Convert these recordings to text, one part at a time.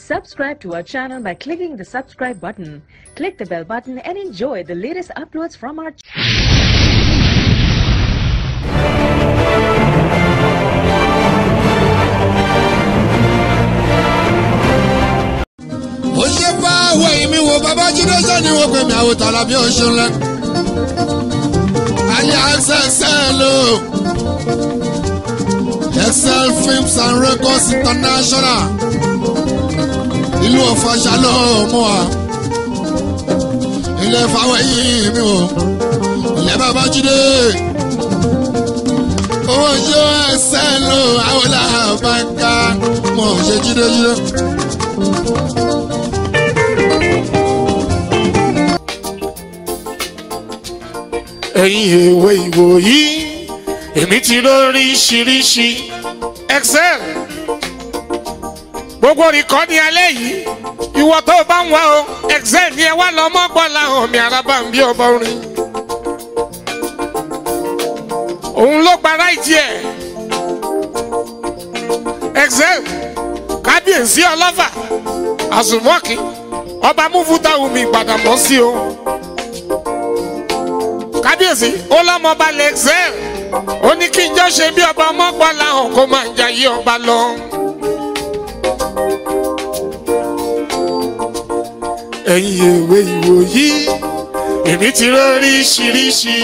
Subscribe to our channel by clicking the subscribe button. Click the bell button and enjoy the latest uploads from our ó ṣe fa àwọn èmi wo babájídé sani wo pèmí àwòtálá bí oṣùn lẹ. ayé Excel Films and Records International. ìlú ọ̀fọ̀ṣà ló mú wa ilé fàwẹ́yìn mi o ilé bàbá jíde owó ṣe ló àwòlá bá ń ṣe jíde jíde. ẹ̀yin èwe ìwòyí èmi ti lóríṣiríṣi excel gbogbo rìkọ́ ní alẹ́ yìí ìwọ tó bá ń wá o excel ni ẹ wá lọ mọ́gbọ́n làwọn mi araba ń bí ọba orin. òun ló gba ráìtì ẹ̀ excel kábíyèsí ọlọ́fà àzùmọ́kì ọba múfúta omi ìgbàdàmọ́ sí o kábíyèsí ó lọ́mọ balẹ̀ excel ó ní kí n jọ́ ṣe bí ọba ọmọ gbọ́ làwọn kó máa ń jayé ọba lọ. ẹ̀yin èwe ìwòyí èmi ti lóríṣiríṣi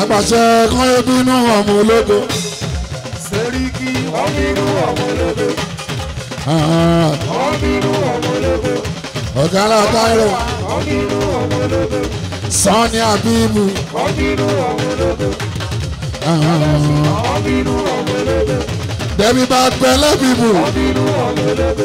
àgbàṣe kan yóò ọmọ ológo Sẹ́ríkì wọn bínú ọmọ ológo wọn bínú ọmọ ológo ọ̀gá látàrọ wọn bínú ọmọ ológo Sani Abibu wọn bínú ọmọ ológo wọn bínú ọmọ ológo Dẹ́bí bá pẹ́ lẹ́bí bù bínú ọmọ ológo.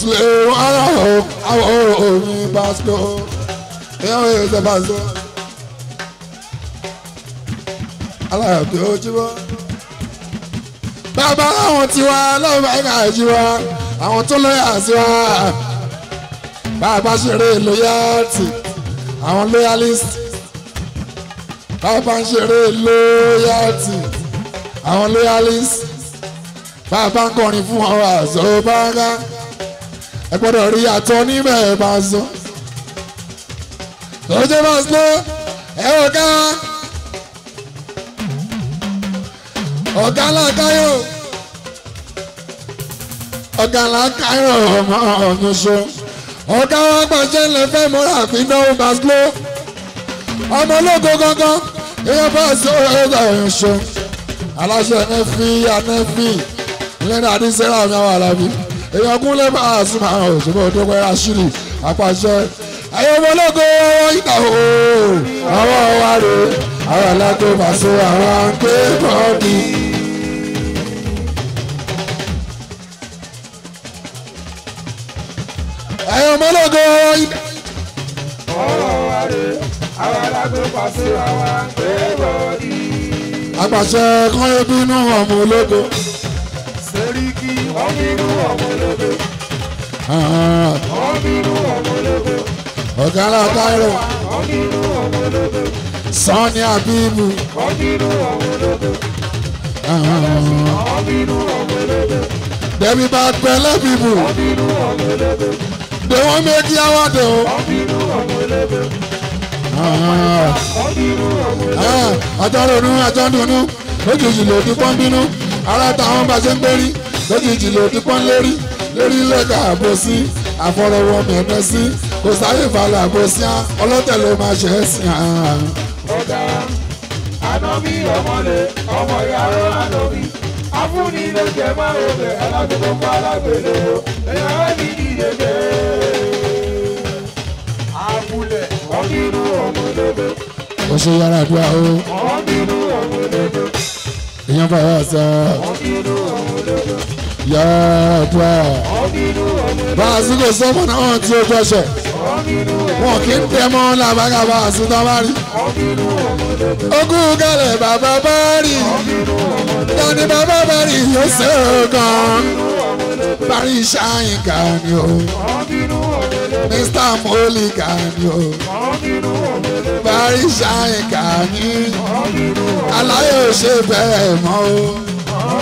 slow ara o àwọn orin bá slow ẹ̀yà wọ́n yóò ṣe bá bàbá àwọn tiwa lọ́wọ́ ẹ̀ka ìjíwá àwọn tó lọ́yà sí wa. bàbá ṣeré loyalty àwọn loyalist. bàbá ṣeré loyalty àwọn loyalist. bàbá kọrin fún àwọn àzọ́ bá ẹ gbọ́dọ̀ rí àtọ onímọ̀ ẹ̀ máa sọ. lọ́jọ́ máa sọ ẹ ọ̀gá ọ̀gá làkàyọ̀ ọ̀gá làkàyọ̀ ọmọ ọ̀nà ṣo ọ̀gá wa gbàjẹ́ lẹ́fẹ̀ẹ́ mọ́ra àfi náà máa sọ ọmọ ológo gangan ìyá bá sọ ọ̀gá ọ̀nà ṣo aláṣẹ ẹnẹ́fì ẹnẹ́fì lẹ́nu àdìsẹ́rà mi àwọn àlàbí èèyàn kúnlẹ̀ máa sún máa hàn ṣùgbọ́n ó dọ́gbẹ́ aṣírí apàṣẹ. ẹ̀yọ́ ọmọlógo ìgbà o àwọn wa rè àwọn alágbó pàṣẹ àwọn àǹkẹ́ bọ́ọ̀dì. ẹ̀yọ́ ọmọlógo ìgbà. àwọn wa rè àwọn ọmọ ológo ọ̀bínú ọmọlẹ́gbẹ́. ọ̀bínú ọmọlẹ́gbẹ́. ọ̀gá látàrọ̀. ọ̀bínú ọmọlẹ́gbẹ́. Sani Abibu. ọ̀bínú ọmọlẹ́gbẹ́. ọ̀bínú ọmọlẹ́gbẹ́. Dẹ̀bi bá pẹ́ lẹ́bìbù. ọ̀bínú ọmọlẹ́gbẹ́. Dèwọ́n méjì àwọ̀dẹ̀ o. ọ̀bínú ọmọlẹ́gbẹ́. ọjọ́ ronú ọjọ́ dunú lójijì lòdì pọ́ńbínú ara táwọn bá ṣe ń gbérí lójijì ló dípọ́n lérí lérí lẹ́ka àbòsí àfọ̀rọ̀wọ̀ mẹ̀mẹ́ sí kò sáyé falẹ̀ àbòsí á ọlọ́tẹ̀ ló máa ṣe é sìn án. ọ̀gá àná bí ọmọlé ọmọ ìyá ló máa lò bí afúnni ló jẹ máa ń rògbè aládùúgbò pa alágbèlè o ẹ̀yà ẹ̀mí dìde bẹ́ẹ̀. àbúlẹ̀ ọ̀bínú ọ̀mọ̀lẹ́bẹ̀. ó ṣe yàrá àdúrà o. ọ̀bínú ọ̀mọ̀lẹ́bẹ̀. èèyàn bá wà sọ. ọ̀bínú ọ̀mọ̀lẹ́bẹ̀ yàtọ̀ bá a sì kò sọ́kùn náà tí ó jọ́ṣẹ̀ wọn kì í tẹ mọ́ làbákà bá a sì tán bá rí ogún kalẹ̀ bàbá bá rí tani bàbá bá rí yóò ṣe é gan parí ṣáyínká ni o mr molika ni o parí ṣáyínká ni aláyọ̀ ṣe bẹ́ẹ̀ mọ́ o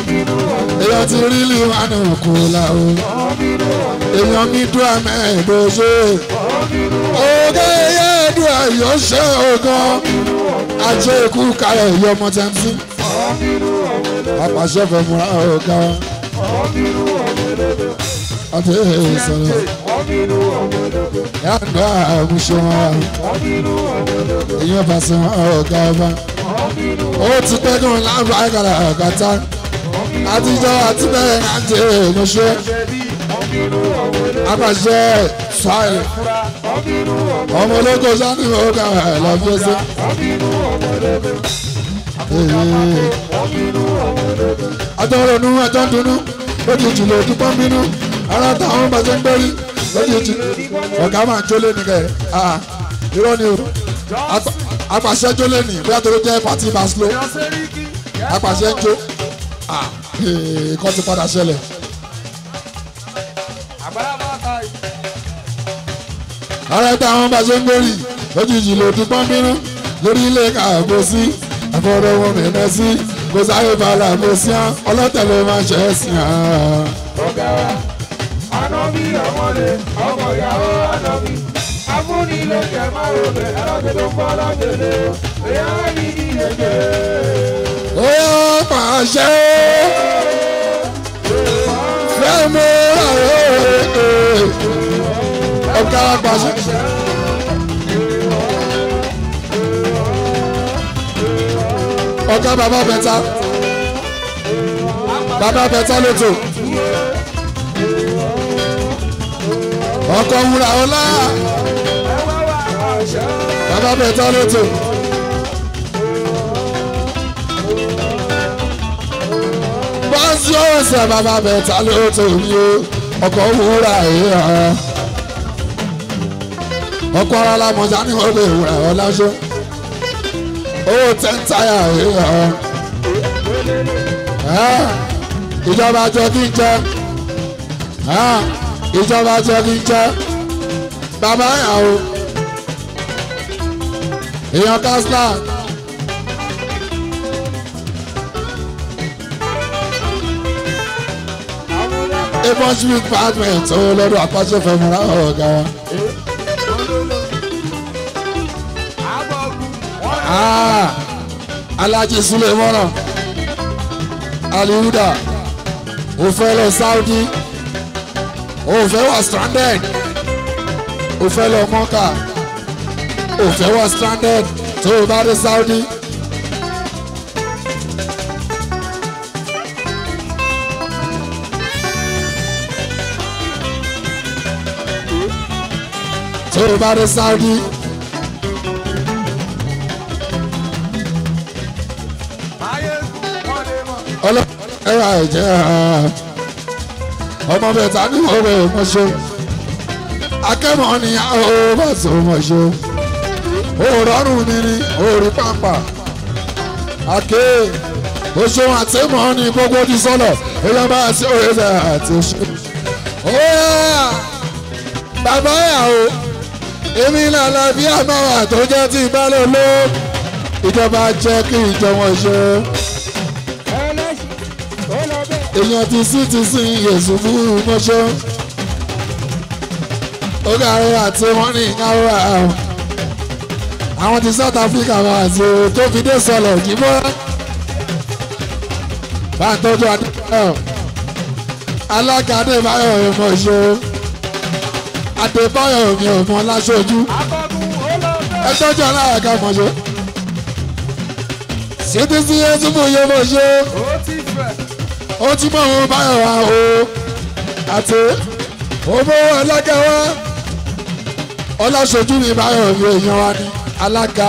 èèyàn ti rí liwanu kù la o èèyàn mi dùn àmì ìdòzó oge yẹ dùn àyọ̀ ṣe ogan àti ikú kalẹ̀ ìyọ̀ ọmọ tẹ́ǹtì apàṣẹ fẹ́ múra ọ̀gá àti ìsọ̀rọ̀ yàtọ̀ àmúṣọ ìyọ̀ bàṣẹ ọ̀gá ọba ó ti pẹ́ kí wọ́n láǹfà àgàrà àgàtà àtijọ́ àti bẹ́ẹ̀ náà jẹ́ ìmọ̀ṣẹ́ àpàṣẹ sọ́ọ̀lì ọmọ ológo sani ọ̀gá ẹ̀ lọ́fẹ́sẹ̀. àtọ̀rọ̀nù àtọ̀dùnú lójijì lòdì pọ́nbínú ara táwọn bàtẹ́ ń gbẹ́rí lójijì ọ̀gá máa ń jólé nìkẹ́ irọ́ ni o àpàṣẹ jólé nì bí a tó ló jẹ́ pàtí baslo àpàṣẹ ń ah nǹkan eh, ti padà ṣẹlẹ̀. ara ẹ̀ta àwọn bá ṣe ń gbórí lójijì ló ti pọ́n bínú lórí ilé kàbọ̀sí àfọwọ́dọ́wọ́ mẹ́mẹ́ sí kò sáré balà mo sí án ọlọ́tẹ̀lẹ̀ máa ṣe é sí án. ọ̀gá àná bí ọmọdé ọmọ ìyàwó àná bí afúnilẹ̀kẹ̀ máa ro bẹ̀ alágbèdó fọ́ lágbèdè ẹ̀yà ìdílé jẹ́ máa ṣe fẹ́mi ọ̀rẹ́ ọ̀gá àgbàṣe. ọ̀gá bàbá bẹ̀ta bàbá bẹ̀ta lóto ọkọ̀ wúrà ọlá bàbá bẹ̀ta lóto. tí ó ṣe bàbá bẹ̀ta ló tóbi o ọkọ̀ wúrà yìí hàn ọkọ̀ ara lamọ̀já ni wọ́n lè wúrà ọ́ láṣọ owó tẹ́ńtáyà yìí hàn ìjọba jọ kí n jẹ ìjọba jọ kí n jẹ bàbá yà o èèyàn kásláà. abolishment department olórí apáṣẹ fẹmúra ọ̀gá wa. Ah, Alhaji Sulemona Aliuda ó lọ Saudi ó fẹ́ stranded ó fẹ́ lọ Mọ́kà ó fẹ́ stranded tó o bá dé Saudi. Hey, yeah. tó o bá dé Saudi. ọlọ́pàá ẹ̀rọ ẹ̀jẹ̀ ọmọ bẹ̀ta ní ọ̀rẹ́ ìmọ̀ṣẹ́ akẹ́mọ̀ ni àwọn bá sọ mọ̀ṣẹ́ òrọ̀rùn mi ni òrì pàmpà àké oṣooṣù àti mọ̀ ni gbogbo ti sọ̀lọ̀ èèyàn bá a ṣe òye ṣe àti oṣù. bàbá ẹ̀ àwọn èmi làlàáfíà máa wà tó jẹ́ tí bá lè lọ ìjọba jẹ́ kí ìjọba ṣe. èèyàn ti sí ti sin yèsù fún mọ́ṣọ́ orí àrẹ́rà tí wọ́n ní ìyáwó àwọn ti South Africa wà àti tó fi dé sọlọ̀ kí mọ́ bá ń tọ́jú adébáyọ̀ alága adébáyọ̀ ẹ̀mọ́ ìṣòro àtòkọ́yọ̀ òmì òfin ọláṣojú ẹ tọ́jú aláàgá mọ̀ṣẹ́ ṣètò sí ẹtúbù yóò mọ̀ ṣe ó ti mọ̀ wọn báyọ̀ wá o àti owó alága wa ọláṣojú ni báyọ̀ òmì èèyàn wa ni alága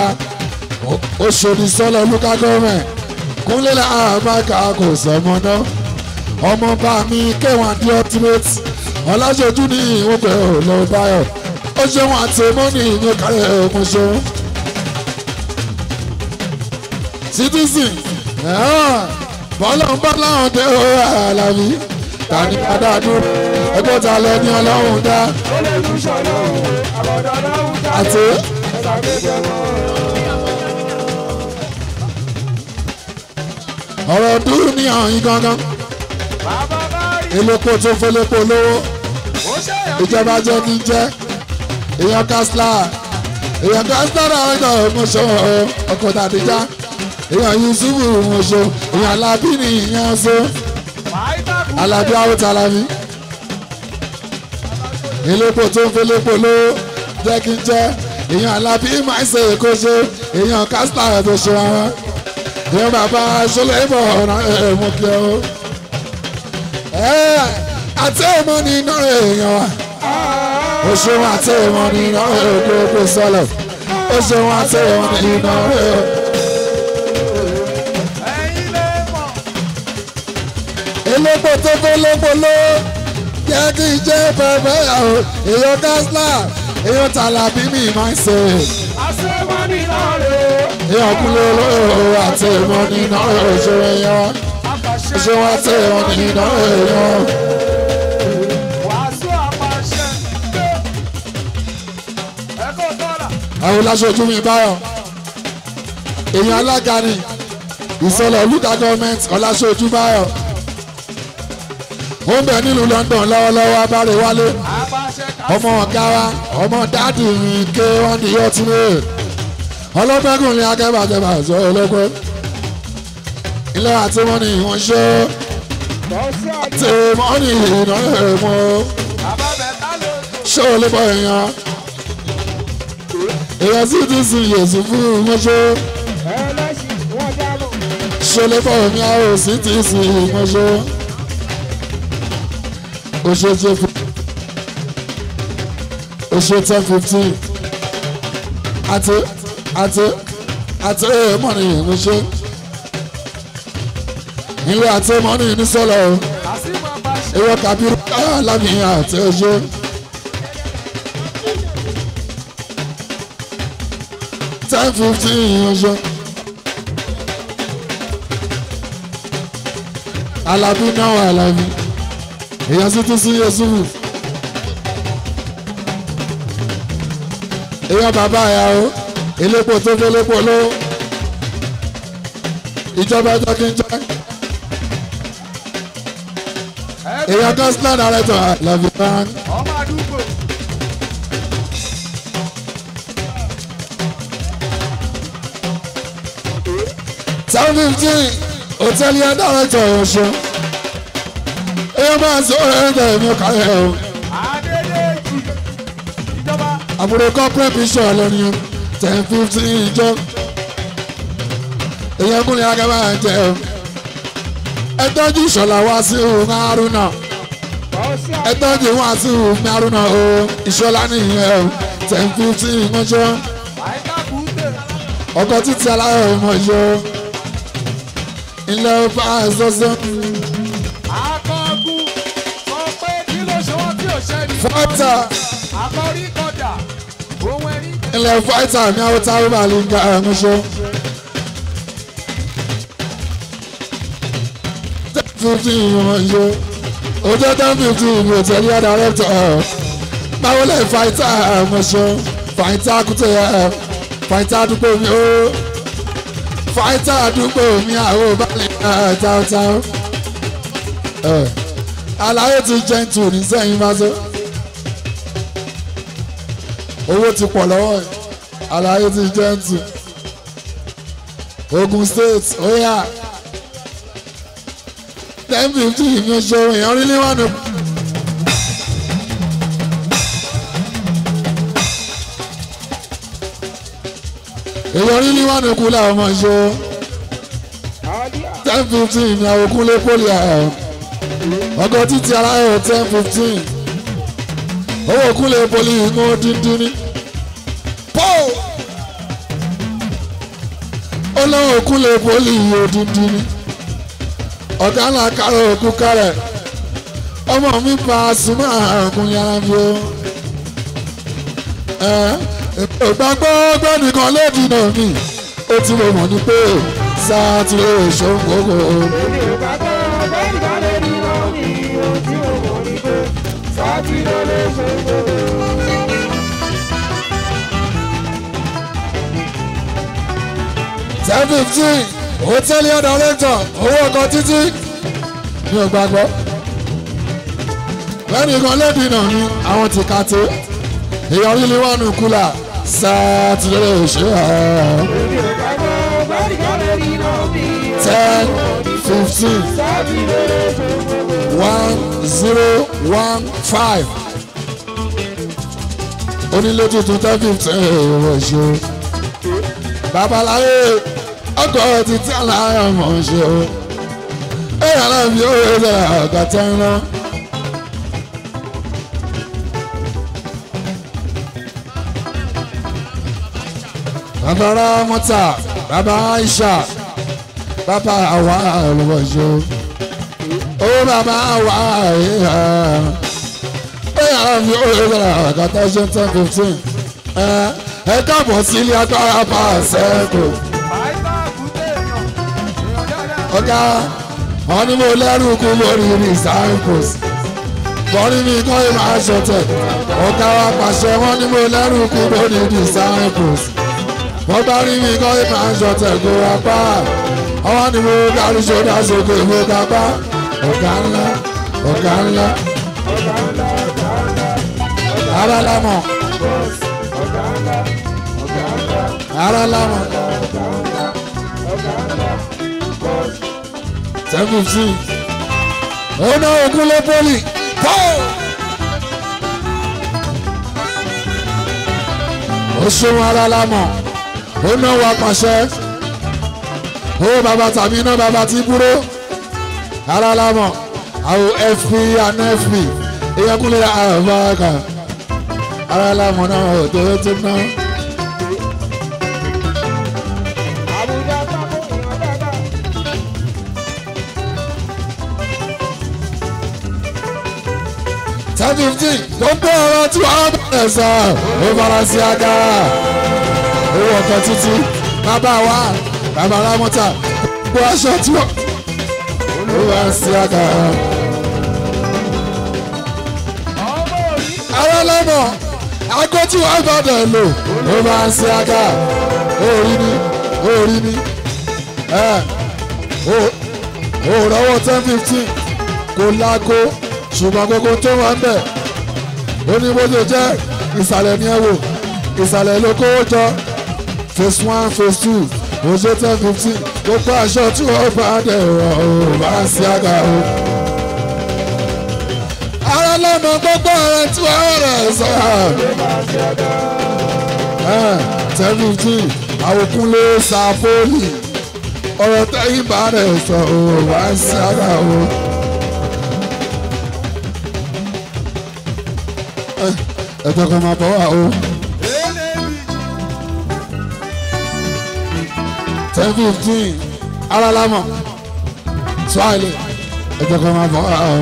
oṣòdì sọlọ lukà gọ́ọ̀mẹ̀ kúnlẹ̀ àmàkà kò sọ̀mọ́ná ọmọ bá mi kẹwàá di ultimate ọlájọjú ní ìwọ̀nbẹ̀ ò lọ báyọ̀ ó ṣeun àti mọ́nì ìyẹn kárẹ̀ ọmọ ṣeun. citizen bọ́lá ń bá láwọn dé ọ̀rọ̀ àlàbí tani adáàdú ẹgbẹ́ ta lọ ní ọlọ́run dá. ó lè mú ṣọlọ àbọ̀dọ̀ ọlọ́run dá. àti. ẹ̀sà méje mọ́. ọ̀rọ̀ dúró ní àyín gangan elépo tó fẹ́lẹ́po lówó ìjọba jẹ́ kí n jẹ́ èèyàn kásílà èèyàn kásílà náà ń gbọ́ mọ̀ṣọ́ ọkọ̀ tàdíjà èèyàn yusufu mọ̀ṣọ́ èèyàn alábí ni ìyẹn so alábí awútalámi elépo tó fẹ́lẹ́po lówó jẹ́ kí n jẹ́ èèyàn alábí máa ń ṣe èkó ṣe èèyàn kásílà tó ṣe wọn. ìyẹn bàbá sọlẹ́ ìbọn ọ̀ràn ẹ̀ mọ̀kẹ́ o. Eh, àti èèmọ ni iná èèyàn wa o ṣeun àti èèmọ ni iná èèyàn ògbó sọlọ o ṣeun àti èèmọ ni iná èèyàn. elépo tó fẹ́ lépo ló jẹ́ kí n jẹ́ bàbá o èèyàn gásílà èèyàn tàlàbí mi máa ń ṣe. àṣẹ wọn nínú rẹ̀. èèyàn kúlẹ̀ olóòrò àti èèmọ nínú rẹ̀ òṣèré yẹn wá ṣé wọ́n ṣe wọn nínú èèyàn. àwọn aláṣojú mi báyọ̀ èèyàn alága ni ìsọlọ̀ olùdá gọ́ọ̀mẹ́ntì ọláṣojú báyọ̀ ó ń bẹ nílùú London lọ́wọ́lọ́wọ́ abáre wálé ọmọ ọ̀gá wa ọmọ dáàdì mi ké wọ́n ní yọtúnú ọlọ́gbẹ́gùn ni akẹ́bàjẹ́bà sọ ọlọ́gbẹ́ ilé àti wọn ni wọn ṣe tí wọn ní ìná ẹ̀ mọ́ ṣé o lè bọ èèyàn èèyàn sì ti sin yèsù fún wọn ṣe ṣe lè bọ èèyàn o sì ti sin wọn ṣe o fún o ten fifteen àti àti àti èèmọ̀ ni ìrìnṣẹ́ ìwé àti mọ́nì ní sọ́lọ̀ o ìwé kàbírú alámìyàn ah, àti ọjọ́. ten fifteen ọjọ́. alábí náà wà alábí èèyàn sì tún sí yẹsùfù. èèyàn bàbá àyà o elépo tó fẹ́ lépo lówó ìjọba ẹjọ́ kí n jẹ́. èèyàn gọ́sílà dàrẹ́tọ̀ lọ́bì bank. ọmọ àdúgbò. seven fifteen hòtẹ́ẹ̀lì ẹ̀ dàrẹ́tọ̀ ọ̀ṣọ́ èèyàn máa ń sọ ọ̀rẹ́ ẹ̀dọ̀ ẹ̀mí kárẹ̀ o. adédèjì ìjọba. àbúrò corporate mission lónìí ten fifteen ìjọ èèyàn kúnlẹ̀ agbára jẹ́ o ẹ tọ́jú ìṣọ̀lá wá sí òun arúnà ẹ tọ́jú wá sí òun arúnà o ìṣọ̀lá nìyẹn o ten fifteen mọ́jọ́ ọkọ̀ títí aláwọ̀ mọ́jọ́ ilẹ̀ ọba àìsọ́sọ́. akọ́gun sọ pé kí ló ṣe wọ́n tí ò ṣe ní. fọ́tà àkọ́rí kọjà òun ẹni. ilẹ̀ fọ́tà ní àwọn táwọn bá lè ga mọ́jọ́. fifteen mo ṣe ọjọ́ ten fifteen mo tẹ̀lé director báwo lè fàìtà mo ṣe fàìtà kùtù ẹ̀ fàìtà àdúgbò mi ó fàìtà àdúgbò mi àwọn òbálẹ̀ táwọ́táwọ́ aláyé ti jẹ́ tù ní sẹ́yìn bá ṣe owó ti pọ̀ lọ́wọ́ ẹ̀ aláyé ti jẹ́ tù Ogun State ó yà. Oh yeah. ten fifty mi ò èèyàn rí níwájú. èèyàn rí níwájú kú làwọn máa ń sọ ten fifty mi lé pólì àárọ̀ ọgọ́ títí aláyọ̀ ten fifteen owó lé pólì ní. lé pólì ní. ọ̀tá là kárọ̀ òkú kárẹ̀ ọmọ mi pa súnmọ́ àrùn yàrá mi o. ìgbàgbọ́ gbẹ́nìkan lódì náà mi ó ti lè mọ̀ ní pé sáà ti lè ṣòǹgbòǹgbò. ìgbàgbọ́ gbẹ́nìkan lódì náà mi ó ti lè mọ̀ ní pé sáà ti lè ṣòǹgbòǹgbò. seventeen hòtẹ́ẹ̀lì ọ̀dọ̀ lẹ́tọ̀ owó ọkọ̀ títí mi ò gbàgbọ́ lẹ́nu ìkan lẹ́bi náà ni àwọn ti ka tó ìyọrí ni wọ́n nù kúlà sátidé ṣe hàn. ten fifteen one zero one five onílé tuntun ten fifteen ẹ̀rọ ṣe babaláyé ọkọ̀ títí alára mọ̀ ń ṣe o ẹ̀yà náà fi ó rẹ̀ sọ̀rọ̀ àgàtà ńlá. Bàbá Mọ́tà, Bàbá Aisha, Bàbá àwa olùwọ̀ṣọ́, ó bàbá àwa ìhà. Ẹ̀yà náà fi ó rẹ̀ sọ̀rọ̀ àgàtà ṣe ten fifteen. Ẹ káàbọ̀ sílé agbára pa àṣẹ kò ọ̀gá wọn ni mo lẹ́rù kú lórí mi sankos bọ́rí mi kọ́ ìmọ̀ aṣọ̀tẹ̀ ọ̀gá wa pàṣẹ wọn ni mo lẹ́rù kú lórí mi sankos wọ́n bá rí mi kọ́ ìmọ̀ aṣọ̀tẹ̀ kó wa pa ọwọ́ ni mo darí sódà sókè mo ta pa ọ̀gá ńlá ọ̀gá ńlá ara lámọ̀ ara lámọ̀ ten fifteen ọ̀nà oh, ògúnlé poli tó. ó ṣeun ara la ó ná wa pàṣẹ ó bàbá tàbí iná bàbá tí búrò ara la mọ̀ àwọn fp and fp ìyẹn kúnlẹ̀ àbáka ara la mọ̀ náà ò tó tó náà. ten fifteen tó ń gbé ọ̀rọ̀ tí wàá bẹ̀rẹ̀ sọ ó fara sí aga owó ọ̀kan títí bàbá wa bàbá ramọ́ta gbogbo aṣọ tí wọ́n ó fara sí aga. ara lọ́mọ agbó tí wàá bọ̀dọ̀ lò ó fara sí aga orí ni orí ni ẹ ò rọwọ́ ten fifteen kò láago ṣùgbọ́n gbogbo tó wà ń bẹ̀ ó ní bó ṣe jẹ́ ìsàlẹ̀ ni ẹ wò ìsàlẹ̀ ló kówó jọ phase one phase two oṣù ten fifteen gbogbo aṣọ tí wọ́n bá dẹ̀ wọ̀ ọ́ bá ń ṣe àgbà o. ara lọ́nà gbogbo ọ̀rẹ́ tí wọ́n rẹ̀ sọ. ten fifteen àwòkún ló ọ̀rọ̀ tẹ́yìn bá rẹ̀ sọ ọ́ bá ń ṣe àgbà o. ẹ̀tọ́ kan máa bọ̀ o. ten fifteen ara swahili ẹ̀tọ́ kan máa bọ̀ o.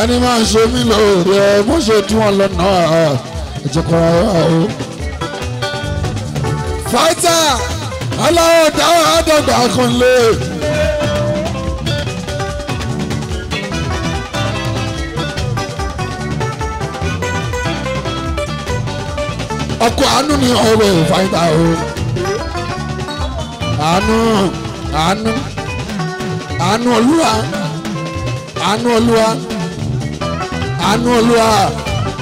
ẹni máa ń ṣe mí lóore mo ṣe tí wọ́n lọ náà ìjọkọ̀ ara o. fáìtà aláwọ̀ dáwọ̀ àdọ̀gbà kan lé. ọkọ̀ àánú ni ọ̀rọ̀ fáìtà o. àánú àánú àánú olúwa àánú olúwa. Anu olúwa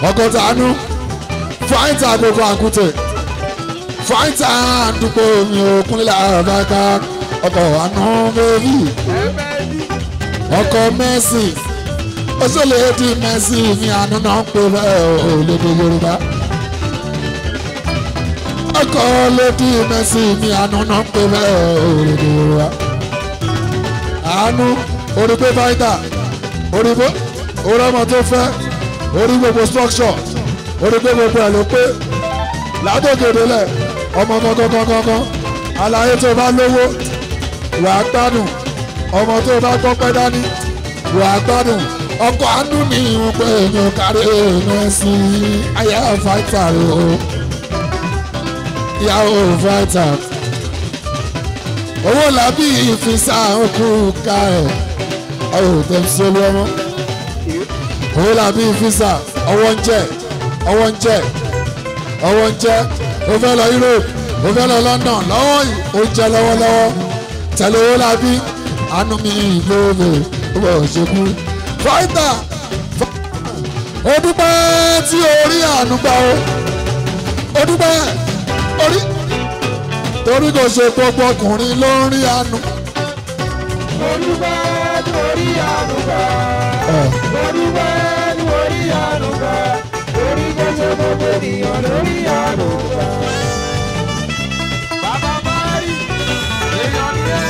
ọgọ́ta àánú fáìntà gbogbo àkútẹ̀ fáìntà àdúgbò mi ò kúnlẹ̀ àbáká ọkọ̀ àánú bẹ́ẹ̀bì ọkọ̀ mẹ́sì òṣèlè di mẹ́sì ní àánú náà ń pè bẹ́ẹ̀ ò lédè yorùbá ọkọ̀ lédè mẹ́sì ní àánú náà ń orí pé fáìntà orí pé orí ọmọ tó fẹ́ orí gbogbo structure orí gbogbo ẹ̀ ló pé látòkèdè lẹ̀ ọmọ kankankankan àlàyé tó bá lówó wà á gbádùn ọmọ tó bá gbọ́pẹ́ dání wà á gbádùn ọkọ̀ àánú ni ìwọ̀n pé èèyàn kárí èèyàn sí ayé fáìtà rẹ̀ o ìyàwó fáìtà owó làbí ìfisà òkú ká ẹ̀ ọ̀rọ̀ tẹ̀síọ́lù ọmọ òwe làbí visa, ọwọ́ ń jẹ́ ọwọ́ ń jẹ́ ọwọ́ ń jẹ́ o fẹ́ lọ Europe o fẹ́ lọ London lọ́wọ́ yìí o jẹ́ lọ́wọ́lọ́wọ́ tẹ̀lé òwe làbí àánú mi ló lè bọ̀ ṣekú. fáìtà o dúpẹ́ tí o rí àánú gbà o o dúpẹ́ orí torí kò ṣe gbogbo ọkùnrin ló ń rí àánú. o dúpẹ́ tí mo rí àánú gbà. mo dúpẹ́ tí mo rí àánú gbà. torí pé ṣe mo tẹ̀lé lórí àánú gbà. bàbá báyìí èèyàn ni ẹ.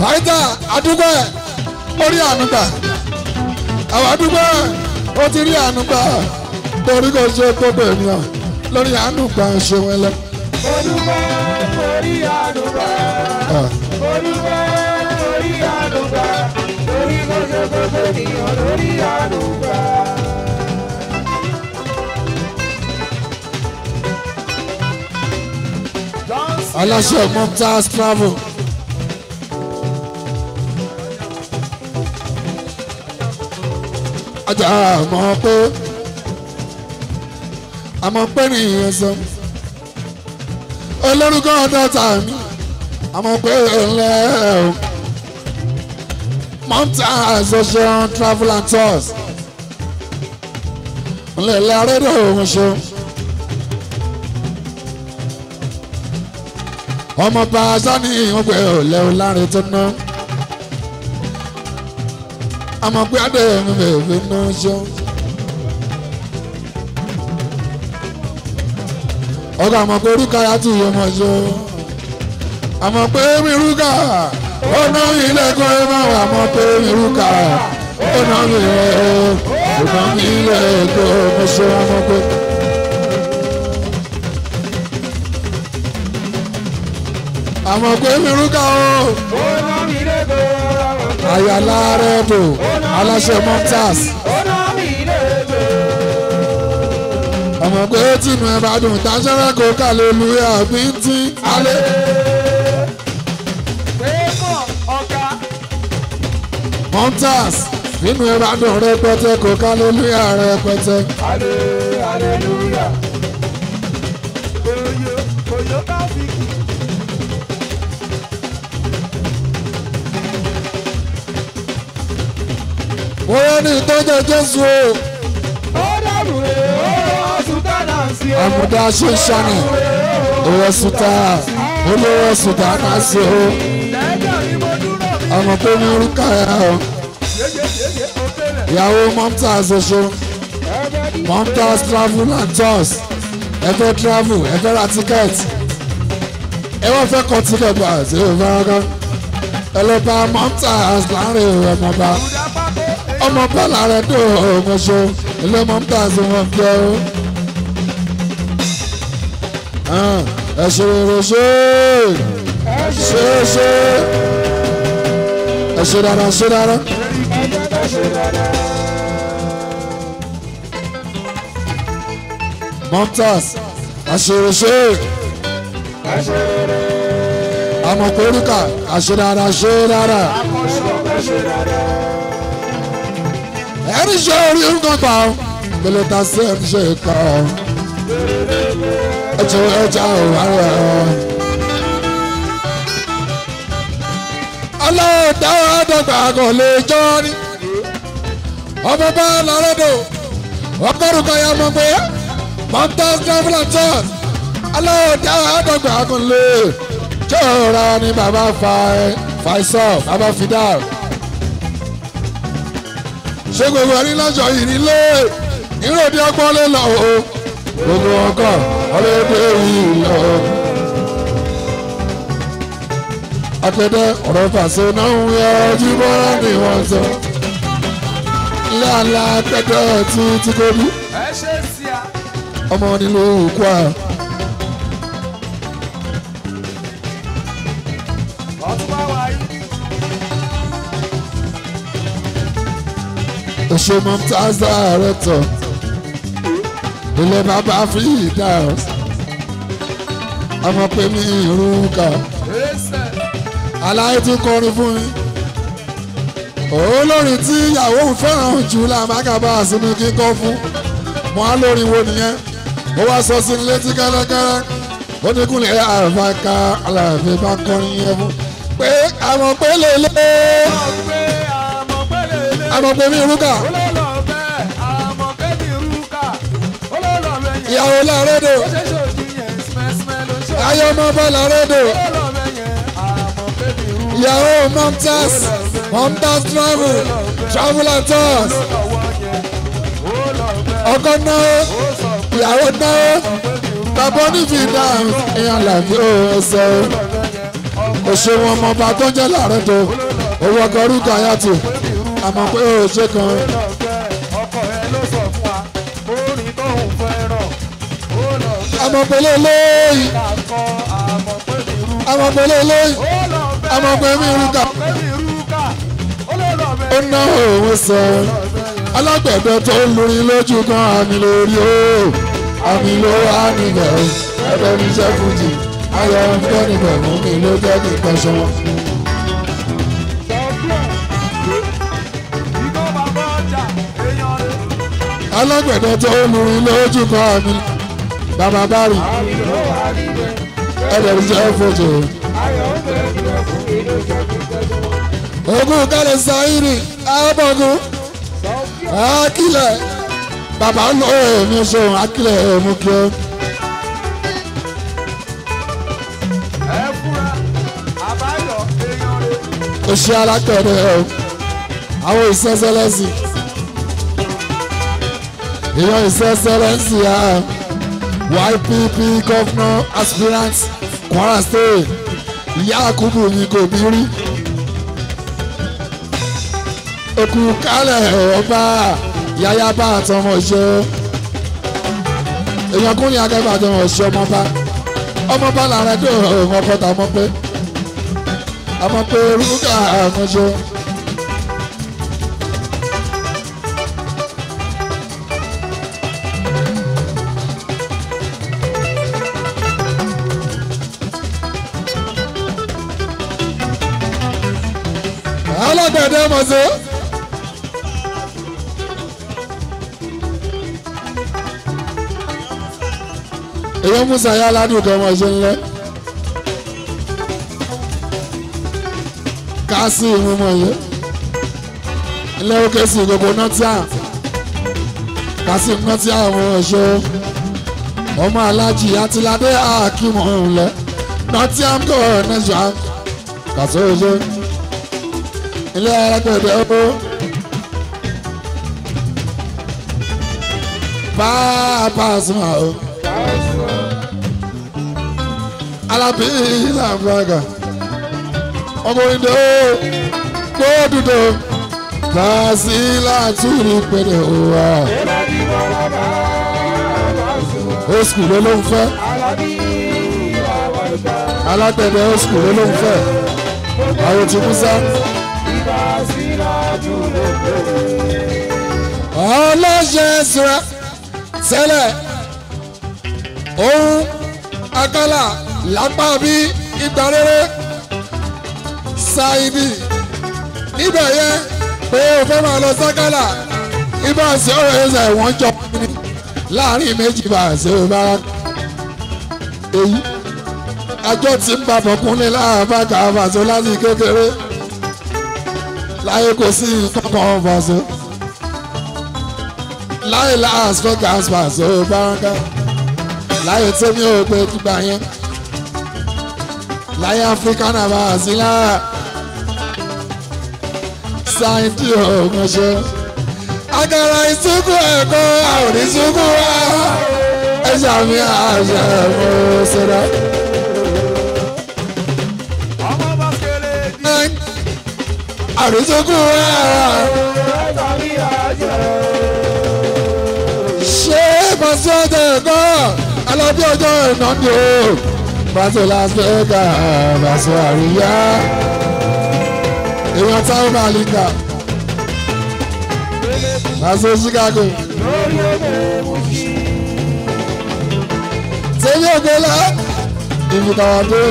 fàyítà àdúgbò ẹ mo rí àánú gbà àwọn àdúgbò ó ti rí àánú gbà torí kò ṣe gbogbo ènìyàn lórí àánú gbà ń ṣe wọn lẹ́nu olùwẹ́ torí àánú rẹ̀ ah. olùwẹ́ torí àánú torí gbogbo gbogbo ènìyàn lórí aláṣẹ mọ́tàs travel. ajá mọ̀ pé àmọ́ pé nìyẹn sọ olórúkọ dọ́tà mi àmọ́ pé ẹ̀lẹ́ o mountain association travel and tours ńlẹ̀lẹ̀ arẹ́dọ̀ òun ṣe. ọmọ a sani ìhun pé òlẹ̀ o láre tó ná àmọ́ pé adé mi bèbè náà ṣeun. ọgá àmọ̀ pé rúkà yàtú yọmọ ṣó àmọ̀ pé mi rúkà ó ná mi lẹ́kọ̀ọ́ ẹ máa wà àmọ̀ pé mi rúkà ó ná mi lẹ́kọ̀ọ́ ó ná mi lẹ́kọ̀ọ́ mo ṣe àmọ̀ pé. àmọ̀ pé mi rúkà ó. ó ná mi lẹ́kọ̀ọ́. àyàlá rẹ̀ bò aláṣẹ montas. ó ná mi lẹ́kọ̀ọ́. àmọ́ pé tìǹbù ẹ̀ bá dùn táṣẹ́rẹ́ kó kàlẹ́ olùyà bíntín alẹ́. hunters nínú ẹ̀ bá dùn rẹpẹtẹ kó kàlẹ́ olùyà rẹpẹtẹ. alẹ́ aleluya. oyo oyo bá fi kí. bóyá ní ìtọ́jú jésù o. àmúdá ṣinṣani ìwọ̀sùtà olówọ̀sùtà náà ṣe o ọmọ tó ní orúkọ ẹ̀ o ìyàwó Momtaz Oṣó Momtaz travel and tours ẹ fẹ́ travel ẹ fẹ́ ra tíkẹ́ẹ̀tì ẹ wọ́n fẹ́ kọ́ tíkẹ́ẹ̀tì àti ìfẹ́ràn ẹ lọ bá Momtaz láàrin ìrọ̀mọba ọmọ bọ́ọ̀lù ààrẹ dùn ọ̀hún ọ̀ṣọ́ ilé Momtaz wọn fi ọ́ ẹ ṣe rere ṣe ṣe ṣe ẹ ṣe dára ṣe dára. Montas àṣeré ṣe amọ̀kórìkà àṣedára ṣedára ẹni ṣe orí nǹkan pa ọ́ gbẹlẹ́ta sí ẹni ṣe é pa ọ́ ètò ẹja òwárọ̀ ẹ̀rọ. aláàdá àdàgbà kò lè jọ ni ọmọ bá lọ́rọ́dọ̀ ọgọ́rùn-ún kan yà mọ̀ pé mountain traveler tour aláàdá àdàgbà kò lè jọ ra ni bàbá Faisal bàbá Fidal ṣé gbogbo ẹni lọ́jọ́ yìí nílé ìròdì ọgbọ́n ló lọ o gbogbo ọkọ ọlọ́dẹ yìí lọ. apẹ̀dẹ ọ̀rọ̀ fàṣẹ náà ń yọ ojú bọ́lá ni wọ́n sọ. láàlá apẹ̀dẹ tí tí kò dú. ọmọ nílò òkú à. òṣèlú mọ́tàzá rẹ̀ tọ̀ ilé bàbá fìdá ọmọ pé mi rúkà aláyé tún kọrin fún mi olórin tí ìyàwó ń fẹ́ràn jù làmákàbá sínú kíkọ́ fún mọ́ á lórin wo nìyẹn ó wá sọ sí létí kẹ́lẹ́kẹ́lẹ́ ó ní kúnlẹ̀ àfàkà aláàfin bá kọrin yẹn fún pé àmọ̀ pé lélẹ́ àmọ̀ pé mi rúkà. ìyàwó làrédò ayọ̀ mọ́bọ́ làrédò ìyàwó Momtaz Momtaz travel travel and tours ọkọ náà ìyàwó náà bàbá onífi dáhùn ìyàn làbí ọsẹ òṣè wọn mọba tó ń jẹ làrédò owó ọgọrùkọ ayàtò àmọ́ pé òṣè kan. amọ̀pẹ̀lẹ̀ lóyè amọ̀pẹ̀lẹ̀ lóyè amọ̀pẹ̀lẹ̀ irúkà ó ná òun sọ alágbẹ̀dẹ tó ń lórí lójú kan àmì lórí o àmì ló wà níbẹ̀ o ẹgbẹ́ mi jẹ́ fújì ayọ̀ ń fẹ́ níbẹ̀ mú mi ló jẹ́ nìkan ṣan. alágbẹ̀dẹ tó ń lórí lójú kan àmì lórí. Baba bàbá bárì ẹbẹ̀rù jẹ́ fòtò. ogun kálẹ̀ sáyìrì àbọ̀gùn àkìlẹ̀ bàbá ń lọ èmi sọ̀rọ̀ àkìlẹ̀ èmi kí ó. oṣù alákẹ̀rẹ̀ ọ̀ àwọn ìṣẹ́ṣẹ́ lẹ́sìn ìyọ̀ ìṣẹ́ṣẹ́ lẹ́sìn yá. YPP governor aspirant Kwara State Yakubu Yikobiri eku kálẹ̀ ọba yayaba àtọmọ ṣe èèyàn kúnlẹ̀ akẹ́kọ̀ọ́ àtọmọ ṣe ọmọba ọmọba làárẹ̀ tó ọmọ pọ́tà mọ́ pé ọmọ pé rúkà àmọ́ṣe. ọmọ ṣe. èyí musa yà ládùn kan ọmọ ṣe ńlẹ. káàsì ìmú mọ̀ yìí ńlẹ òkè sí gbogbo nọ́tíà káàsì nọ́tíà ọmọ ṣe ọmọ alájì àtìládé àkìmọ̀ ńlẹ nọ́tíà ń kọ̀ ọ́ nẹ́ṣà kàṣọ́ ṣe ilé alágbẹ̀dẹ ó. bàbá àsùnmọ̀ o. alábí làǹfààgà ọmọ ìdó gbódùdó bàásì látúrú pẹ̀lú òwà. oṣù ló ló ń fẹ́. alágbẹ̀dẹ oṣù ló ló ń fẹ́. àwọn tí musa ọlọ́ṣẹ́ ìṣúra sẹ́lẹ̀ òun akálà lápá bí ìgbà rere ṣáìbì níbẹ̀ yẹn pé o fẹ́ máa lọ sákálà ibà sí ọ̀rọ̀ ẹ̀sẹ̀ wọ́n jọ wọ́n ní láàrin méjì bá ṣe é bá èyí àjọ tí ń bá bọ̀kúnlé láàbàkà àfàṣọ láti kékeré láyé kò sí nǹkan kan fàṣọ láyé láàs fọgàs fàṣọ bárànká láyé tèmi ò pé gbígbà yẹn láyé áfíríkà náà bá a sí lára ṣe agara ìsúkú ẹ̀kọ́ àrùn ìsúkú wa ẹ̀ṣà mi àṣà ẹ̀kọ́ sọ́dọ̀. àrísókù rẹ̀. ṣé pàṣẹ ọjọ́ ẹ̀kọ́ alábí ọjọ́ ìná ni o pàṣẹ lásán ẹ̀ka pàṣẹ àríyá èèyàn táwọn máa lè kà pàṣẹ Chicago. sẹ́yìn ògbélá ìfìkàwá tó.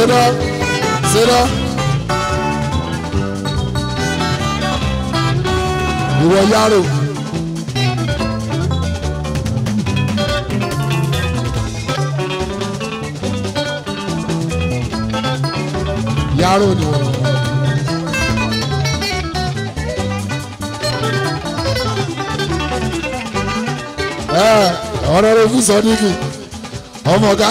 Sit up. Sit up. Ìwọ yàrá. Yàrá ni wọ́n. Ọ̀rọ̀ rẹ̀ fún Sọ́díkì, ọmọ ọ̀gá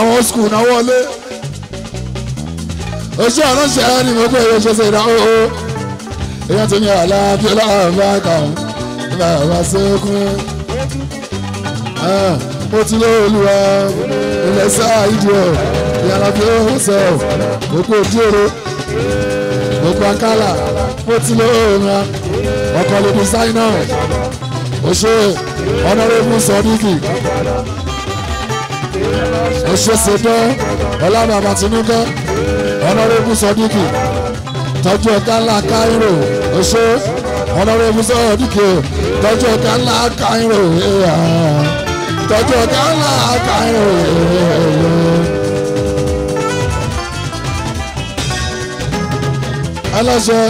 àwọn skul náà wọlé oṣù àránṣẹ́ ni mo pé oṣù ṣe ìdá ooo èèyàn ti yan àlàáfíà láàbá kan bàbá sókun mo ti lé olúwa ilẹ̀ sáà ìdí ọ̀ ìyára fi ó sọ gbogbo òdúró gbogbo akálà mo ti lé olúwa ọkọ̀ lóbi sáínà oṣù ọ̀nàrẹ́bù sọ̀díkì oṣooṣedé ọlọ́run àbàtúndé ọ̀nàrẹ́bù sọdíkì tọ́jú ẹ̀ka ńlá káírò oṣó ọ̀nàrẹ́bù sọdíkì tọ́jú ẹ̀ka ńlá káírò tọ́jú ẹ̀ka ńlá káírò. ẹlẹ́sẹ̀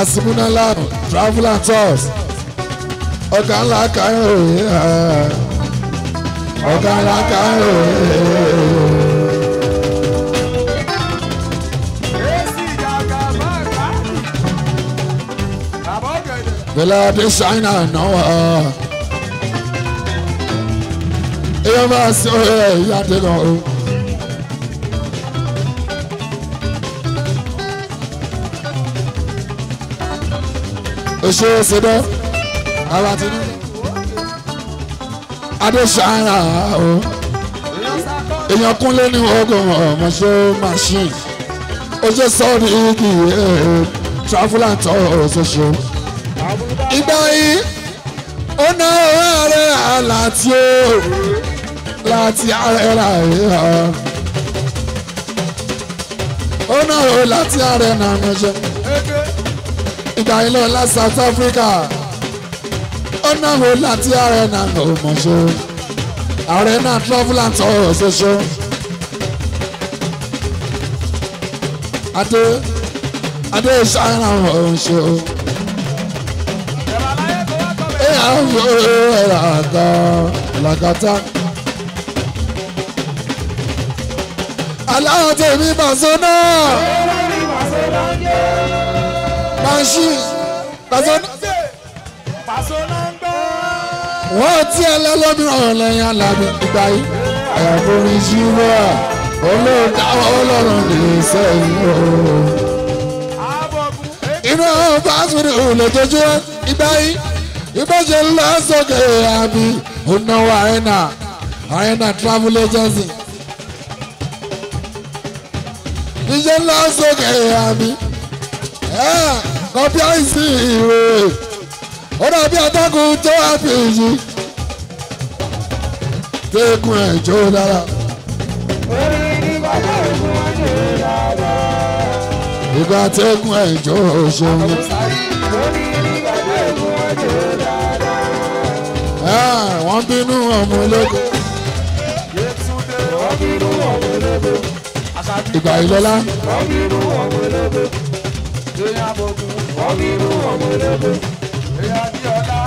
asimunala travel and tours ọ̀gá ńlá káírò ọ̀kàrà kárò ẹ̀ẹ́. Bela de China náà. Eya ma se oye iya de lọ o. Ose sebe, ara ti ní adesara o èèyàn kúnlé ní ogun ọmọṣẹ machine ó ṣe sọrí igi travelant ọ̀rọ̀ ṣoṣo. ìgbà yìí ó ná ọ̀rẹ́ rẹ̀ láti ó láti ààrẹ rà yíyá. ó ná ọ̀rẹ́ láti ààrẹ nàánú ṣe. ìgbà yìí lọ láti South Africa ọ̀nà wo láti arena ló mọ̀ ṣe arena travelant ọ̀rọ̀ ṣoṣo. adé adé ṣáínà ọ̀rọ̀ ṣo. ẹ̀yà ọ̀rọ̀ ẹ̀rọ àgbà làgàtà. aláwọ̀ tèmi bàṣọ náà. bàṣí bàṣọ náà. wọ́n ti ẹlẹ́lọ́mìíràn ọ̀lẹ́yìn alábẹ́ ìgbà yìí. ẹ̀bùn ìṣirò ọlọ́run lè sẹ́yìn o. iná bá sùn lójoojú ìgbà yìí ìbọ̀jẹ̀ lọ àbí onáwó arena arena travel agency. ìjẹ́ lọ àbí kọ́píà ìsìn ìwé. ó dàbí adágún tó wá fi yí tẹ́kun ẹ̀ jó dára. orí ní bàbá ògùn wọn dára. ìgbà tẹ́kun ẹ̀ jó ṣeun. orí ní bàbá ògùn wọn jó dára. wọ́n bínú ọmọ ológo. wọ́n bínú ọmọ ológo. ìgbà ìlọ́lá. wọ́n bínú ọmọ ológo. ìyá bọ̀dù. wọ́n bínú ọmọ ológo ọ̀la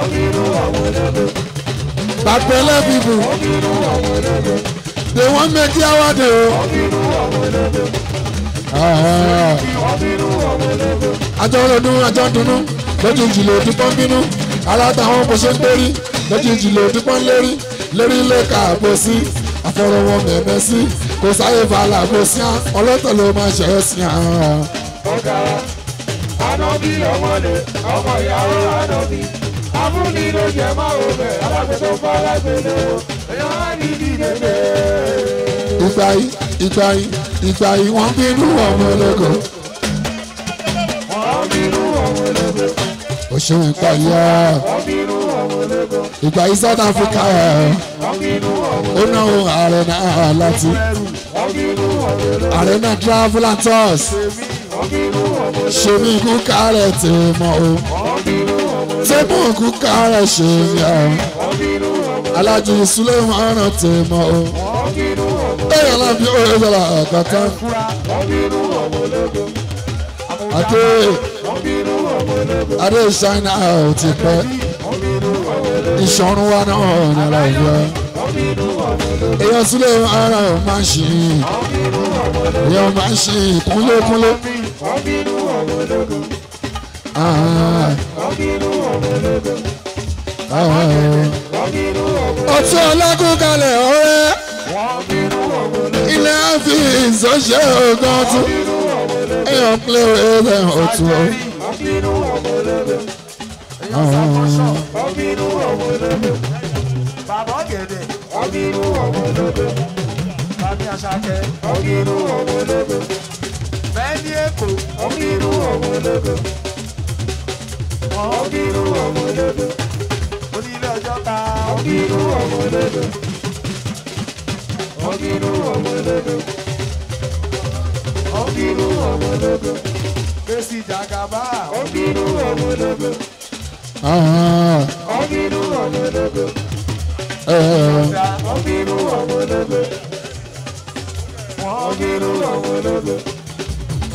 ọ̀gìrù àwọn ológo. Àpẹẹlẹ bíbù. Ọ̀gìrù àwọn ológo. They wan make yawa dey o. Ọ̀gìrù àwọn ológo. Ah, ọ̀gìrù ah. àwọn ológo. Àjọ olódún àjọ dunnú lójú ìjìnlẹ̀ òdún pọ́n bínú. Alátàwọn kò ṣe ń gbérí lójú ìjìnlẹ̀ òdún pọ́n lérí. Lérí lè kà àpò sí àfọ̀rọ̀wọ̀ mẹ̀mẹ́ sí. Kò sáyé balà àpò sí ọlọ́tọ̀ ló máa ṣẹ̀yẹ́ sí. Ah. Ọ̀gá àwọn bí ọmọ lè ọmọ ìyàwó àdọ́bí afúnni ló jẹ máa wò bẹ alágbètò fún alágbèlè o èèyàn á ní ìdíje bẹ. ìgbà yìí ìgbà yìí ìgbà yìí wọ́n bínú ọmọ ológun. wọ́n bínú ọmọ ológun. òṣèlú ìpàyà. wọ́n bínú ọmọ ológun. ìgbà yìí South Africa. wọ́n bínú ọmọ ológun. ó náwó ààrẹ náà láti. wọ́n bínú ọmọ ológun. ààrẹ náà travel and tours ṣe mi ikú kárẹ̀ tí mọ̀ o tẹ́mọ̀ ikú kárẹ̀ ṣe yá o alájú Suleiman tí mo. o bẹ́ẹ̀ lábí oye sọ̀rọ̀ àgbàtà àti adé ṣáínà ò ti pẹ́ ìṣọ̀run wa náà ní aláìyá èèyàn Suleiman máa ń ṣe èèyàn máa ń ṣe kúnlé kúnlé ọmọdógó. Ọ̀gìnú ọmọdógó. Ọtún ọlọ́gùn kalẹ̀ ọ̀rẹ́. Ilé àfi ìsọ̀ṣẹ́ ògán tún. Èèyàn pílẹ̀ rẹ̀ ọ̀tún ọ̀rẹ́. Ọ̀gìnú ọmọdógó. Ọ̀gìnú ọmọdógó. Bàbá ọ̀gẹ̀dẹ̀. Ọ̀gìnú ọmọdógó. Bàbá àṣàkẹ́. Ọ̀gìnú ọmọdógó èkó wọ́n bí irú ọmọ ológo wọ́n bí irú ọmọ ológo onílé ọjọ́ ta wọ́n bí irú ọmọ ológo wọ́n bí irú ọmọ ológo wọ́n bí jàgàbá wọ́n bí irú ọmọ ológo wọ́n bí irú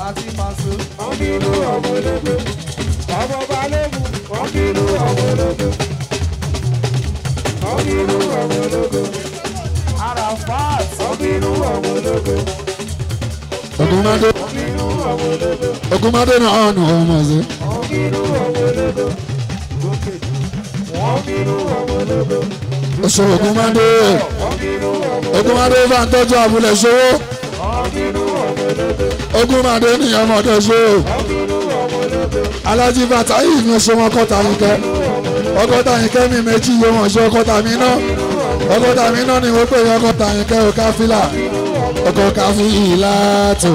pàtí pàṣẹ. wọ́n bínú ọmọ ológo ọmọ balẹ̀mú wọ́n ọmọ ológo wọ́n ọmọ ológo. Arafat wọ́n ọmọ ológo. Ogunmade Ogunmade na ọ̀nà ọmọ ṣe. Wọ́n bínú ọmọ ológo. Wọ́n ọmọ ológo. Oṣù Ogunmade Ogunmade bá ń tọ́jú abúlé ṣòwò ogun máa dé ní ọmọdé so alájí bàtà yìí ní so wọn kọta yìí kẹ ọgọ́ta yìí kẹ mi méjì yóò wọn ṣe ọgọ́ta mi náà ọgọ́ta mi náà ni wọ́n pè é ọgọ́ta yìí kẹ ọ̀ká fìlà ọkọ̀ ká fi yìí láàtò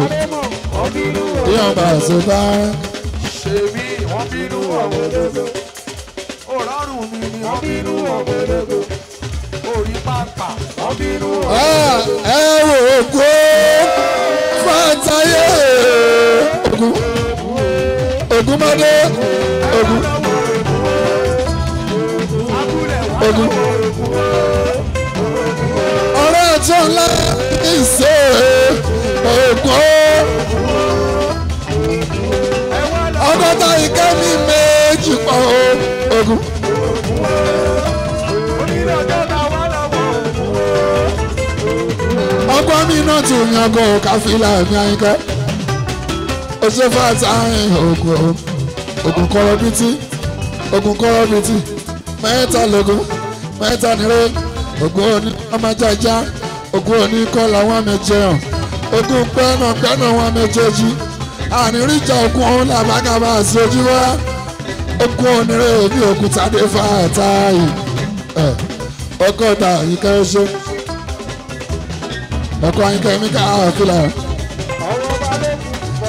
yóò bá ṣe bá. ṣèbí wọ́n bínú ọ̀wẹ́ lẹ́gbẹ̀ẹ́ òrọ̀rùn mi ni wọ́n bínú ọ̀wẹ́ lẹ́gbẹ̀ẹ́ orí pápá wọ́n bínú ọ̀wẹ́ lẹ́gbẹ̀ẹ́. ẹ ẹ wò ó gbó. ọdẹ ogu ogu ọ̀rẹ́ ẹ̀jọ́ ńlá ìṣe ògùn ọgọ́ta ìkẹ́mi méjì pọ̀ ogun. ọgbọ́n mi náà tún àyíká. Ó ṣe fà ògùn. ogun kọ́rọ́ bíi ogun kọ́rọ́ bíi tí mẹ́ta lógún mẹ́ta níré ogun òní ọmọjájá ogun òní kọ́ làwọn méje hàn ogun pẹ́nàpẹ́nà wọn méjèèjì àníríjà ogun òun làbágàbà àti ojú ogun onírè ní òkúta dé fa àtàyè ọgọ́ta àyíká ẹṣẹ́ ọkọ̀ àyíká ẹ̀mí ká àfilà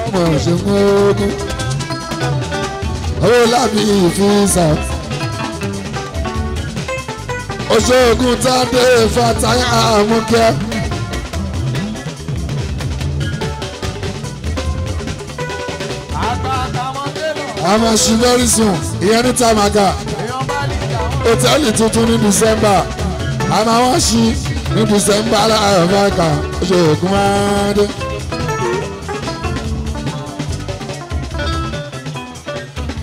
ọmọ ọ̀ṣẹ́ mú ogun owó lábí ìfisàn. Oṣogun Tádé Fatai Àmúkẹ́. àmọ́ ṣì lórí sùn ìyẹn ní tamaga hòtẹ́ẹ̀lì tuntun ní December àmọ́ wọ́n ṣí ní December aláàbáka oṣù ògùn máa dé.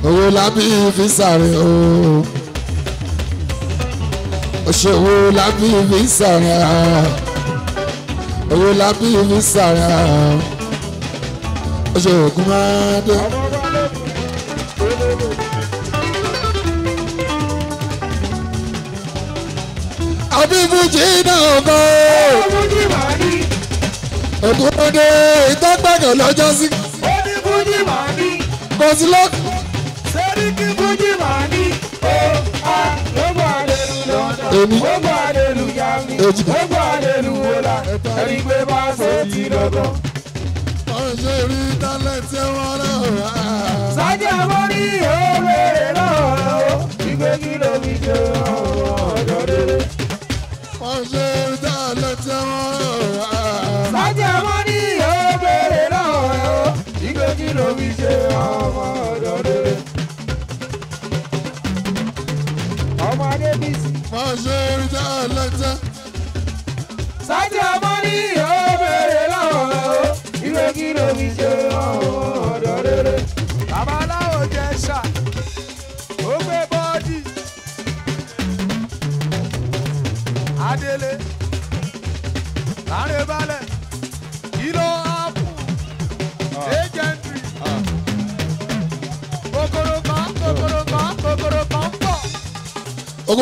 owó lábí fi sàrẹ̀ o òṣèwò lábí fi sàrẹ̀ owó lábí fi sàrẹ̀ òṣèwò kúmádé. àbíbújì náà bọ́. ògùn ọdẹ ìtọ́gbẹ̀gàn lọ́jọ́ sí. ó ní fújì màá ní. kò sí lọ́kàn. ní. gbogbo àdèlù yá mi gbogbo àdèlù wo la ẹni pé bá ṣe ti dandan. ọ̀ṣẹ́ rí tálẹ́tì wọn náà. sájà mọ́rí yóò wèrè náà ìgbé kìlọ̀.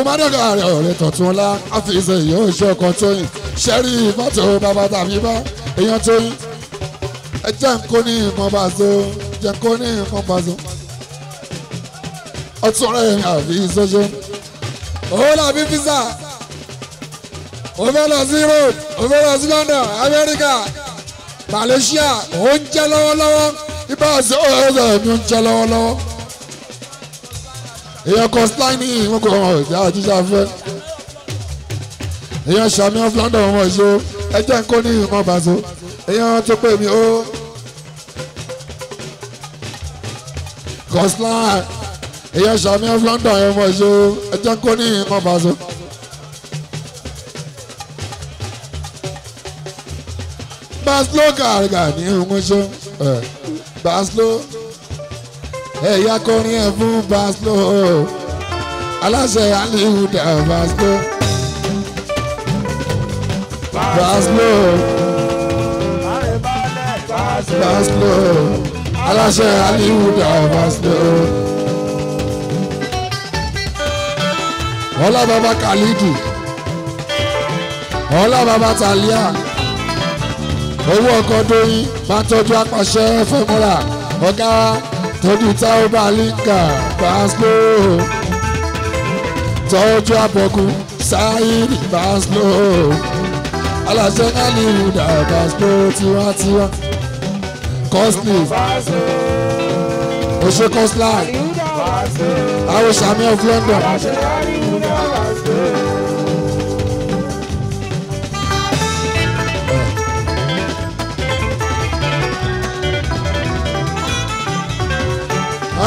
mádọ́gà rẹ̀ ọ̀rẹ́ tọ̀tún ọlá àfihàn yóò ṣe ọkọ̀ tóyìn ṣẹ́rí ìfọ́tò bàbá tàbí bá èèyàn tóyìn ẹ jẹ́ ń ní nǹkan bá so jẹ́ ń ní nǹkan bá so ọtún rẹ̀ àfi ìṣoṣo owó làbí fisa ó fẹ́ lọ sí Europe ó fẹ́ lọ sí London America Malaysia ó ń jẹ́ lọ́wọ́lọ́wọ́ ibà ọ̀sẹ̀ ọ̀sẹ̀ mi ń jẹ́ lọ́wọ́lọ́wọ́ èèyàn Constantine wọn kò mọ ìjà àjíjà fẹ́ èèyàn sami of London ọmọ ìṣó ẹjẹ́ nǹkan ní ìmọ̀ bàṣọ èèyàn tó pè mí ó Constantine èèyàn sami of London ọmọ ìṣó ẹjẹ́ nǹkan ní ìmọ̀ bàṣọ. Baslo gàrgà ní ìmúṣọ Baslo ẹ̀yà kọrin ẹ̀ fún Paslo aláṣẹ Hollywood Paslo Paslo Paslo aláṣẹ alihuda Paslo. ọlá bàbá Khalidu ọlá bàbá Talia owó ọkọ̀ dóyin máa tọ́jú apàṣẹ fẹ́mọ́ra ọ̀gá tọ́jú táwọn bá líkà báṣlò tọ́jú àbọ̀kù sáyìnì báṣlò aláṣẹ kálí ìwúdà báṣlò tiwantiwa cosney ọṣẹ cosline àwọn sàmì of London.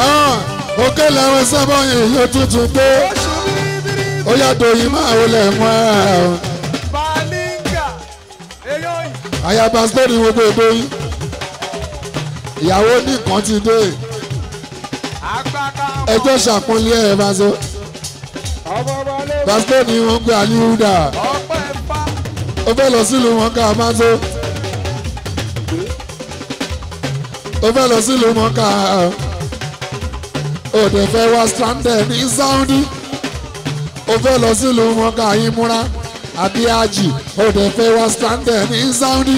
Ah, òkè làwọn sábà yẹn yóò tuntun gbé ó yàtọ̀ yìí máa wọlé mọ́ àwọn. ayaba sórí wo gbogbo yín ìyàwó nìkan ti dé ẹjọ́ ṣàpọ́nlé ẹ̀ bá so pásítọ̀ ni wọ́n aliuda ó fẹ́ lọ sílùú wọn ká ó fẹ́ lọ sílùú wọn òde fẹ́ wá stranded ní Saudi ó fẹ́ lọ sílùú mọ́gà yín múra àbí àjì òde fẹ́ wá stranded ní Saudi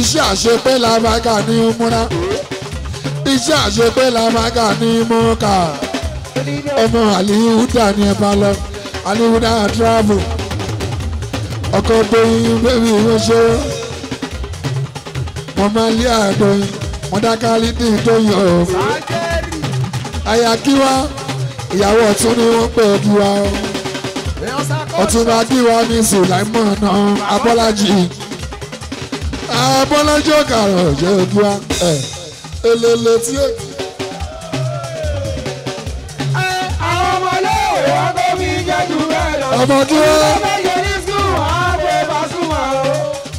iṣẹ́ àṣepé làmàgà ní múra iṣẹ́ àṣepé làmàgà ní mọ́gà ọmọ àlìhúdà ni ẹ bá lọ àlìhúdà travel ọkọ̀ gbóyin bébí ìránṣẹ́ mọ̀mọ́lẹ́ àdóyin mọ̀dákálí dìdóyin ọ̀hún àyà gíwá ìyàwó ọ̀tún ni wọ́n pè é gíwá ọ̀túnba gíwá ní sùláìmọ̀ náà abọ́lájì abọ́lájì ọ̀kàrọ̀ ọ̀jẹ̀ gíwá ẹ̀ elele tí ó. àwọn ọmọ iléèwé wọn tó fi jẹ́ jù bẹ́ẹ̀ lọ. ọmọ gíwá.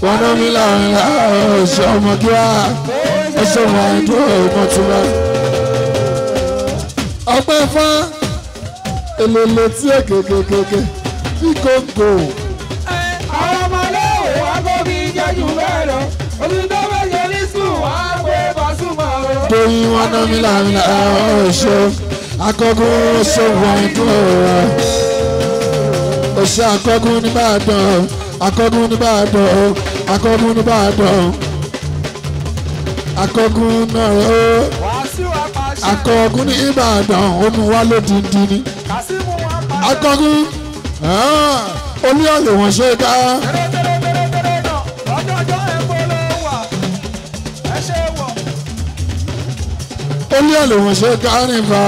wọn náà mi láàrin láàrin ọ̀ṣọ́ ọmọ gíwá ọ̀ṣọ́ ọmọ àìdúró ọmọ túnra ọpẹ́ fún èlòlò tí èkè kékeré tí kòkò. àwọn ọmọléèwé wa kó bí jẹ́jú bẹ́ẹ̀ lọ olùdó méje ní sùn wá pé Pasuma o. tóyìn wọn náà mi làmìlà ọ̀ṣọ́ akọ́kọ́ ọ̀ṣọ́ wọn dùn ọ̀rọ̀ ọ̀ṣọ́ akọ́kọ́ nìbàdàn akọ́kọ́ nìbàdàn akọ́kọ́ nìbàdàn akọ́kọ́ náà ó akọ̀ọ̀gùn ní Ìbàdàn omi wa ló dídí ni akọ̀ọ̀gùn omi ọ̀lẹ̀ wọ́n ṣe ká. omi ọ̀lẹ̀ wọ́n ṣe ká nípa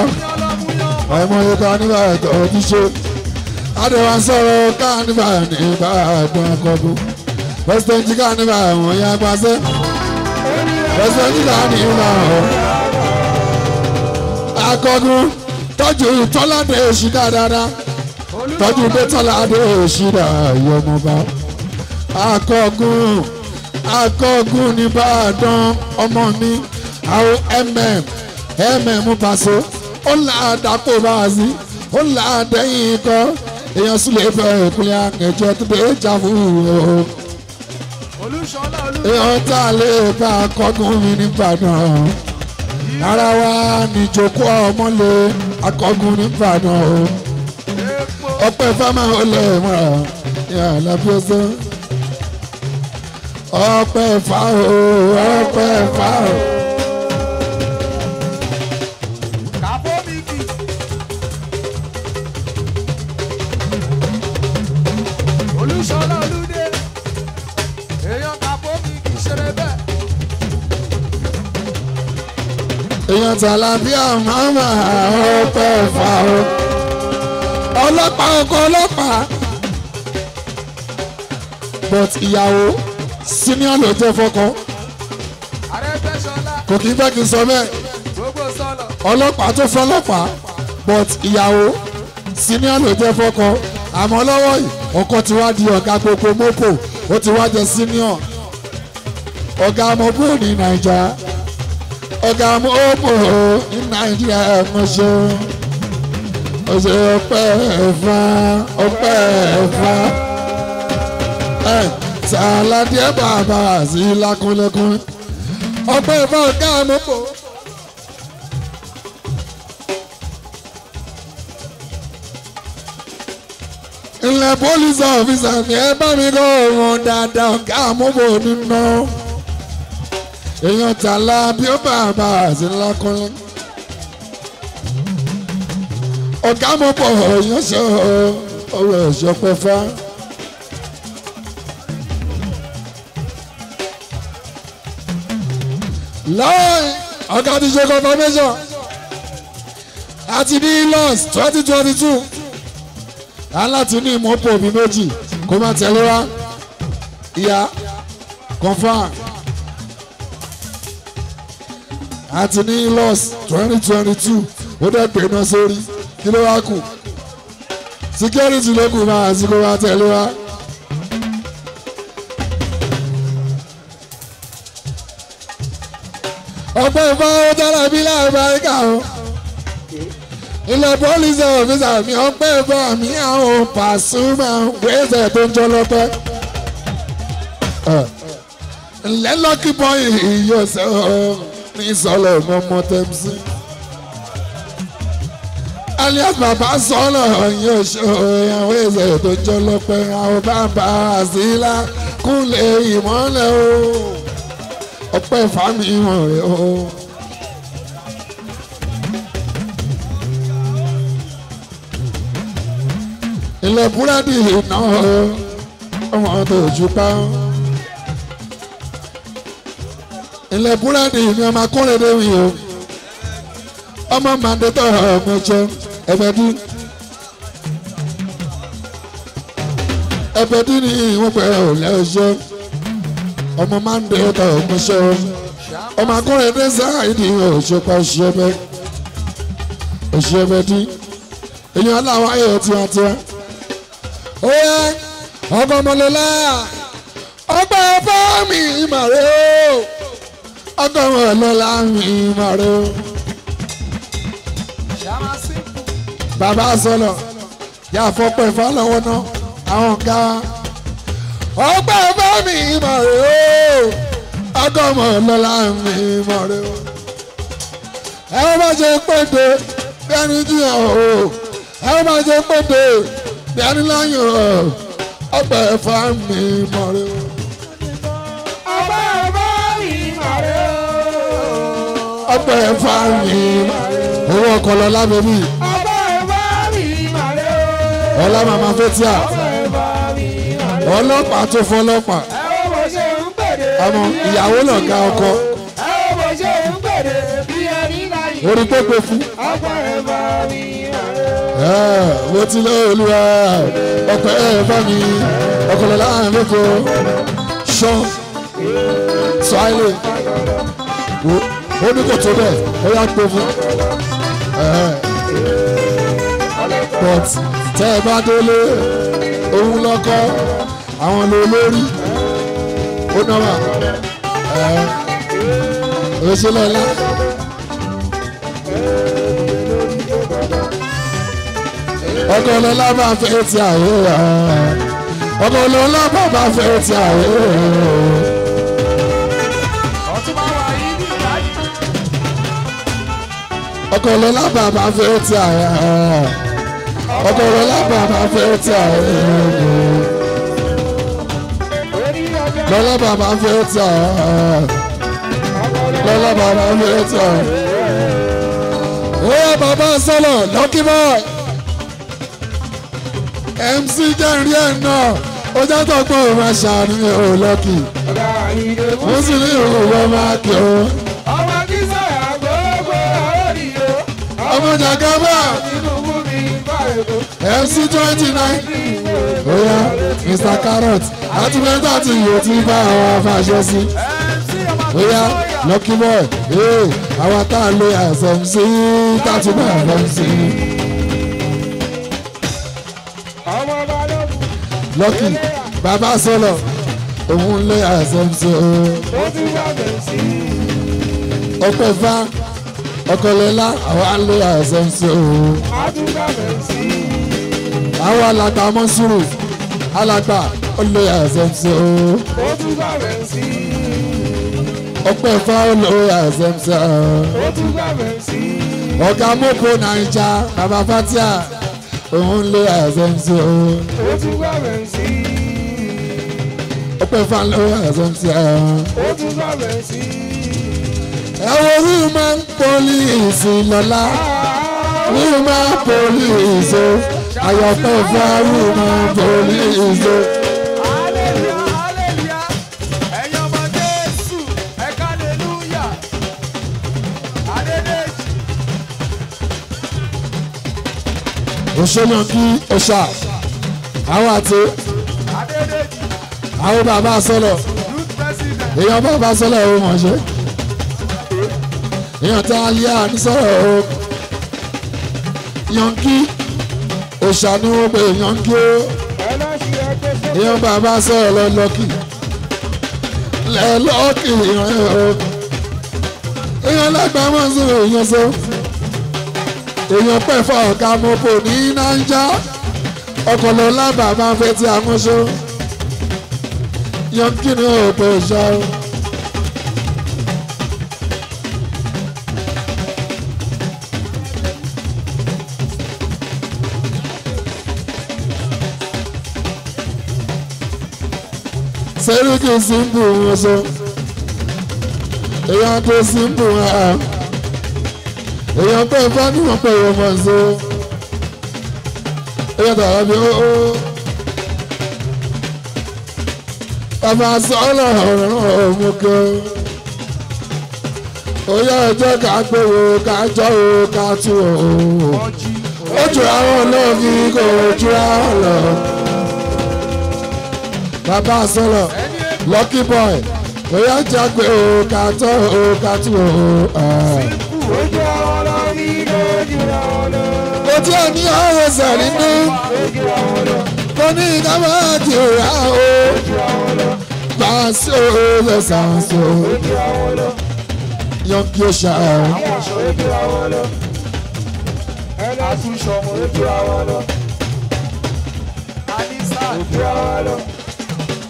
àìmọye ká nípa ẹ̀tọ́ ojúṣe adéwà sọ̀rọ̀ ká nípa nípa ẹ̀gbọ́n akọ̀ọ̀gùn pẹ́sìdẹ̀ntì ká nípa ẹ̀wọ̀n yẹn agbáṣẹ́ pẹ́sìdẹ̀ntì ká nípa ẹ̀wọ̀n akọgun tọ́jú tọ́ládé òsì dáadáa tọ́jú bẹ́tọ́ládé òsì dáayọ̀ ọmọba akọgun akọgun ní bàdàn ọmọ mi àwọn mm mm paṣọ ó là á dàpọ̀ báàzí ó là á dẹ́yìn ikọ́ èèyàn sílẹ̀ fẹ́ ìpínlẹ̀ àkẹjọ tó dé ìjà fún ìwọ̀n èèyàn tá a lè bá akọgun mi ní bàdàn ara wa níjókòó ọmọlé akọgun nígbàdàn o ọpẹ́ fámà olè mọra ìyá àlàfíà sọ ọpẹ́ fà o ọpẹ́ fà o. tàlàbíà màmá ọpẹ́ fà ó. ọlọ́pàá ọkọ ọlọ́pàá but ìyàwó senior ló jẹ́ fọ́kọ kò kí n fẹ́ kí n sọ bẹ́ẹ̀ ọlọ́pàá tó fọ́ ọlọ́pàá but ìyàwó senior ló jẹ́ fọ́kọ àmọ́ lọ́wọ́ yìí ọkọ ti wá di ọ̀gá gbogbo mọ́pò ó ti wá jẹ senior ọ̀gá ọmọ bóòlù nàìjíríà ọ̀gá mú òpò ní nàìjíríà mo ṣe mo ṣe ọpẹ́ ẹ̀fọn ọpẹ́ ẹ̀fọn ẹ̀ sàlàdé bàbá sí lákúnlẹ́kún ọpẹ́ ẹ̀fọn ọ̀gá mú òpò. ilẹ̀ police officer ni ẹ bá mi lọ́ọ́ wọn dáadáa ọ̀gá àmúbò nínú èèyàn tààlà bí ó bàbá àti ńlá kọrin ọ̀gá mo bọ̀ ọ̀yàn sọ ọ̀rọ̀ ẹ̀ṣọ́ pẹ́fà. lọ́ọ̀ì ọ̀gá ti ṣe confirmation àti ní lọ́ọ̀sì twenty twenty two aláti ní ìmọ̀pọ̀ mi méjì kó má tẹ̀lé wa ìyá confirm àti ní loss twenty twenty two ó dẹ̀ pè náà sórí kí ló wá kù security ló kù máa àsìkò wa tẹ̀lé wa. ọ̀pọ̀ ìfọ̀ ó dára bí láàbá ẹ̀ka o ilẹ̀ pọ́lísì ọ̀fíìsà mi ọ̀pẹ́ ìfọ̀ mi àwọn Pasuma gbèsè tó ń jọ lọ́pẹ́ ǹlẹ́ lọ́kì bọ́yì ìyọ̀sẹ̀ ọ̀hún nísọ̀lẹ̀ mọ́mọ́ tẹ́mísì. alias bàbá sọ̀lọ̀ ọ̀yìn òṣòro ìyàwó ìṣẹ̀lẹ̀ tó jọ lọ́pẹ́ àwọn bàbá àzílá kúnlẹ̀ ìmọ́lẹ̀ o ọpẹ́ fàmì ìmọ̀ rẹ̀ o. ilẹ̀ búrẹ́dì náà ọmọ tó jù pa ilẹ̀ búrẹ́dì mi ọmọ akúnrẹ́dẹ́ mi o ọmọ màdétọ̀ ọmọ jẹun ẹ̀bẹ̀dí ẹ̀bẹ̀dí ni wọ́n pẹ̀ ọ̀lẹ́ ọjọ́ ọmọ màdétọ̀ ọmọ jẹun ọmọ akúnrẹ́dẹ́ sáàyìdì òṣèpá òṣèpẹ́ òṣèpẹ́dí èyí aláwọ̀ tiwa tiwa, ó yẹ ọgọ́mọlélá ọgbà ẹ̀fọ́ mi ìmàrè o ọtọmọ ọlọlá mi mọ̀rọ̀. bàbá sọlọ yà fọpẹ́ fọlọ́wọ́ náà àwọn ọ̀gá ọgbẹ́ bá mi mọ̀rọ̀ ọtọmọ ọlọlá mi mọ̀rọ̀. ẹ má ṣe pèdè bí ẹni jìyàn o ẹ má ṣe pèdè bí ẹni láyàn ọgbẹ́ fà mí mọ̀rọ̀. ọbẹ̀ ẹ̀fà mi owó ọkọ̀ lọ lábẹ́bí ọlá màmá fẹ́tíà ọlọ́pàá tó fọlọ́pàá àmọ́ ìyàwó náà ga ọkọ orí tó gbé fún mo ti lọ olúwa ọpẹ́ ẹ̀fà mi ọkọ̀ lọ láàrin lóko ṣan sọ àìlè ó ní kò bẹ́ẹ̀ ó yá gbó but tẹ́ ẹ bá délé òun lọ́kọ́ àwọn ló lórí ó náwà òṣèlọ́lá. ọkọ̀ ọlọ́lá bá fẹ́ ti àwòrán ọkọ̀ ọlọ́lá bá fẹ́ ti àwòrán. ọkọlọ lábà máa fẹ́ ti àyà ọkọlọ lábà máa fẹ́ ti àyà lọ́lábà máa fẹ́ ti àyà lọ́lábà máa fẹ́ ti àyà. Oya bàbá sọ̀lọ̀ lọ́kì bọ́ọ̀ MC jẹ́rìí ẹ̀ náà ó jẹ́tọ̀ pé òun máa ṣàánú ẹ̀ ò lọ́kì. Mo sì ní ìrùwọ́ máa kí o. ọmọ jàgàbá MC twenty nine oya Mr Carrot láti mẹ́ta tí yóò ti bá àwọn afáṣẹ sí oya Lucky Boy ee àwọn tá a lè àṣẹm sí tàtí bá àṣẹm sí. Lucky bàbá sọlọ òun lè àṣẹm sí o. ọpẹ́ fáà ọkọlẹ́lá àwa ń lé àṣẹ ń ṣe òun. àwọn alàgbà mọ́sùrù alàgbà ó lé àṣẹ ń ṣe òun. ọpẹ́ fá ó lé àṣẹ ń ṣe òun. ọ̀gá mọ́kò nàìjà bàbá fatia òun lé àṣẹ ń ṣe òun. ọpẹ́ fá ló ẹwọ́rú máa ń pọ́líìsì lọ́la rú máa ń pọ́líìsì àyàtọ̀ fún arú máa ń pọ́líìsì. òṣèlú ọ̀ṣà àwọn àti àwọn bàbá sọlọ èèyàn bàbá sọlọ ẹ̀ wọ́n ṣe èèyàn tá a lé àní sọ̀rọ̀ o yankin òṣà ni wọ́n pe yankin o èèyàn bàbá sọ̀rọ̀ lọ́lọ́kì lẹ́lọ́kì èèyàn ẹ̀ o èèyàn lágbàá mọ̀ sí èèyàn so èèyàn pẹ̀ fọ́ ọ̀gá mọ́pò ní náíjà ọkọlọ lábàá máa ń fẹ́ ti àmúṣọ yankin ni wọ́n pe òṣà o. Sẹ́ríkì símbù wọn sọ èèyàn tó símbù wọn à èèyàn tó bá níwọ̀n pé ìwọ̀n mọ̀ so èèyàn tó àlọ́ bí ó ọmọ asọ́ ọlọ́run ọ̀hún kẹ́ẹ́ oyá ẹjọ́ ká gbé wo ká jọ́ wo ká tú o. ó jura wọn náà ní kò jura wọn lọ. bàbá sọlọ lucky boy bóyá jágbe o ká tọ́ o ká tù o. ojú àwọn lọ rí lójú àwọn lọ. ojú àní àwọn sàrí ní. ojú àwọn lọ. mo ní ká máa di òrà o. ojú àwọn lọ. bá a sí o lọ sàn so. ojú àwọn lọ. yan kí o ṣá o. ojú àwọn lọ. ẹ lọ́ọ́ tún ṣọmọ ojú àwọn lọ. àdìsá ojú àwọn lọ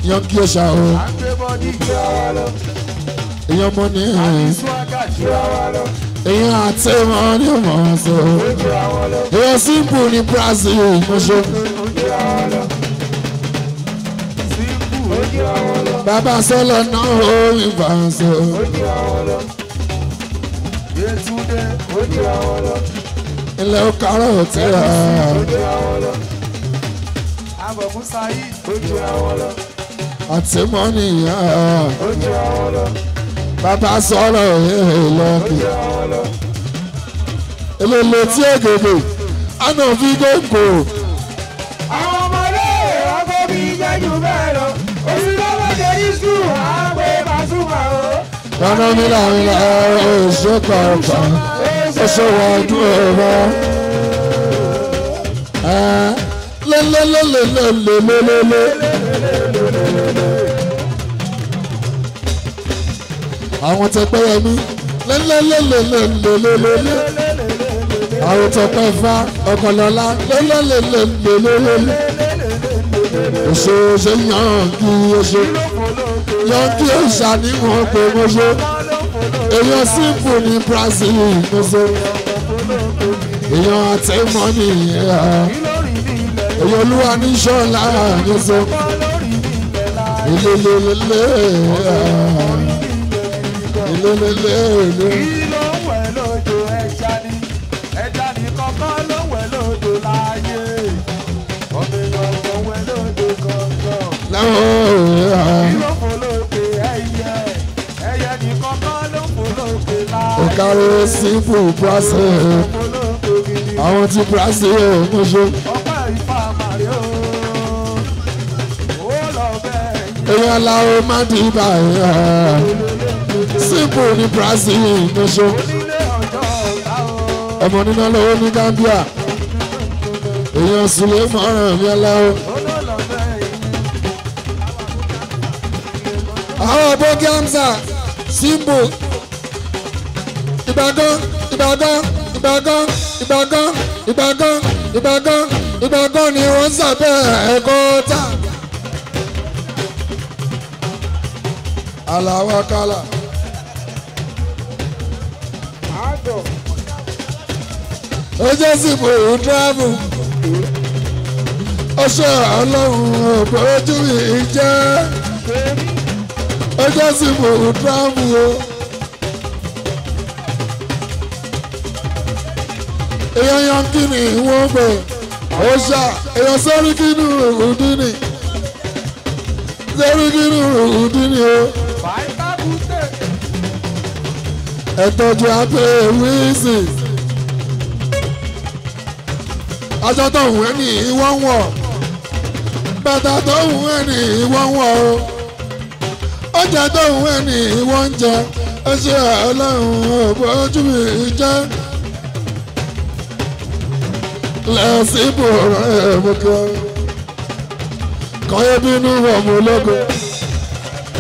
yan kí o ṣá o. èèyàn mọ ní ẹ̀yìn. èèyàn àti wọn ni mọ̀ so. èèyàn simple ní Brazil mo ṣe. bàbá sọlọ náà ó ìgbà so. ilẹ̀ ó kárọ̀ òtí rà. Àbọ̀kún sáyé ojú àwọn lọ àti mọ́nìyà. Bàbá sọ̀rọ̀ ìlọ́kì. Èlòlò tí ègèdè, àná fi gbòǹgbò. Àwọn ọmọdé ọkọ̀ mi jẹ́ jù bẹ́ẹ̀ lọ. Oṣù tó bá jẹ ní sùn, à ń pè Pasuma o. Rárá mi láàrin láàárọ̀ oṣù kọ̀ọ̀kan, oṣù wọ́n dúró rọ lélélélélélélélé. àwọn tẹpẹ́ yẹmí lélélélélélélélé. àwọn tẹpẹ́ ifá ọkọlọ́lá lélélélélélélé. òṣèṣe yànkí oṣù yànkí oṣù àníwọ̀n pé oṣù èèyàn sífù ní Brazil oṣù èèyàn àtẹ̀mọ́ nìyẹn èyí olúwa ní sọ́la ní so ìlélelele ìlélelele. kí ló ń wẹ̀ lódò ẹja ni ẹja ni kọ́kọ́ ló ń wẹ̀ lódò láàyè ọ̀bẹ yọ̀ọ̀kọ̀ wẹ̀ lódò kọ̀ọ̀kan. kí ló fò lókè ẹyẹ ẹyẹ ni kọ́kọ́ ló ń fò lókè láàyè. ọ̀kadà sí fún brazil àwọn ti brazil ń ṣe. èèyàn la ó má di ibà yẹn simple ní Brazil ìgbésó ọmọ nínú lówó ní Gambia èèyàn sùlẹ̀ mọ́ràn mi aláwọ̀. àwọn bókí hamza simple Ìbàdàn Ìbàdàn Ìbàdàn Ìbàdàn Ìbàdàn Ìbàdàn Ìbàdàn ni wọ́n ń sàbẹ̀ ẹ̀kọ́ tá. alawakala. Ojú sì bò ó dáàbò. Ọṣọ ojú mi jẹ́. Ojú sì bò o. Èèyàn yan kí wọ́n bẹ̀? Àwọn ṣá èèyàn sọ́rí dín o? ẹ tọ́jú abẹ́ wíìsìn aṣọ tó hùn ẹ́ ní ìwọ́n wọ̀ bàtà tó hùn ẹ́ ní ìwọ́n wọ̀ o oúnjẹ tó hùn ẹ́ ní ìwọ́n ń jẹ ẹ ṣe ọlọ́run òbójú mi jẹ́ lẹ́sìbò rẹ̀ mú kí wọ́n kọ́ ẹ bínú ọmọ ológo.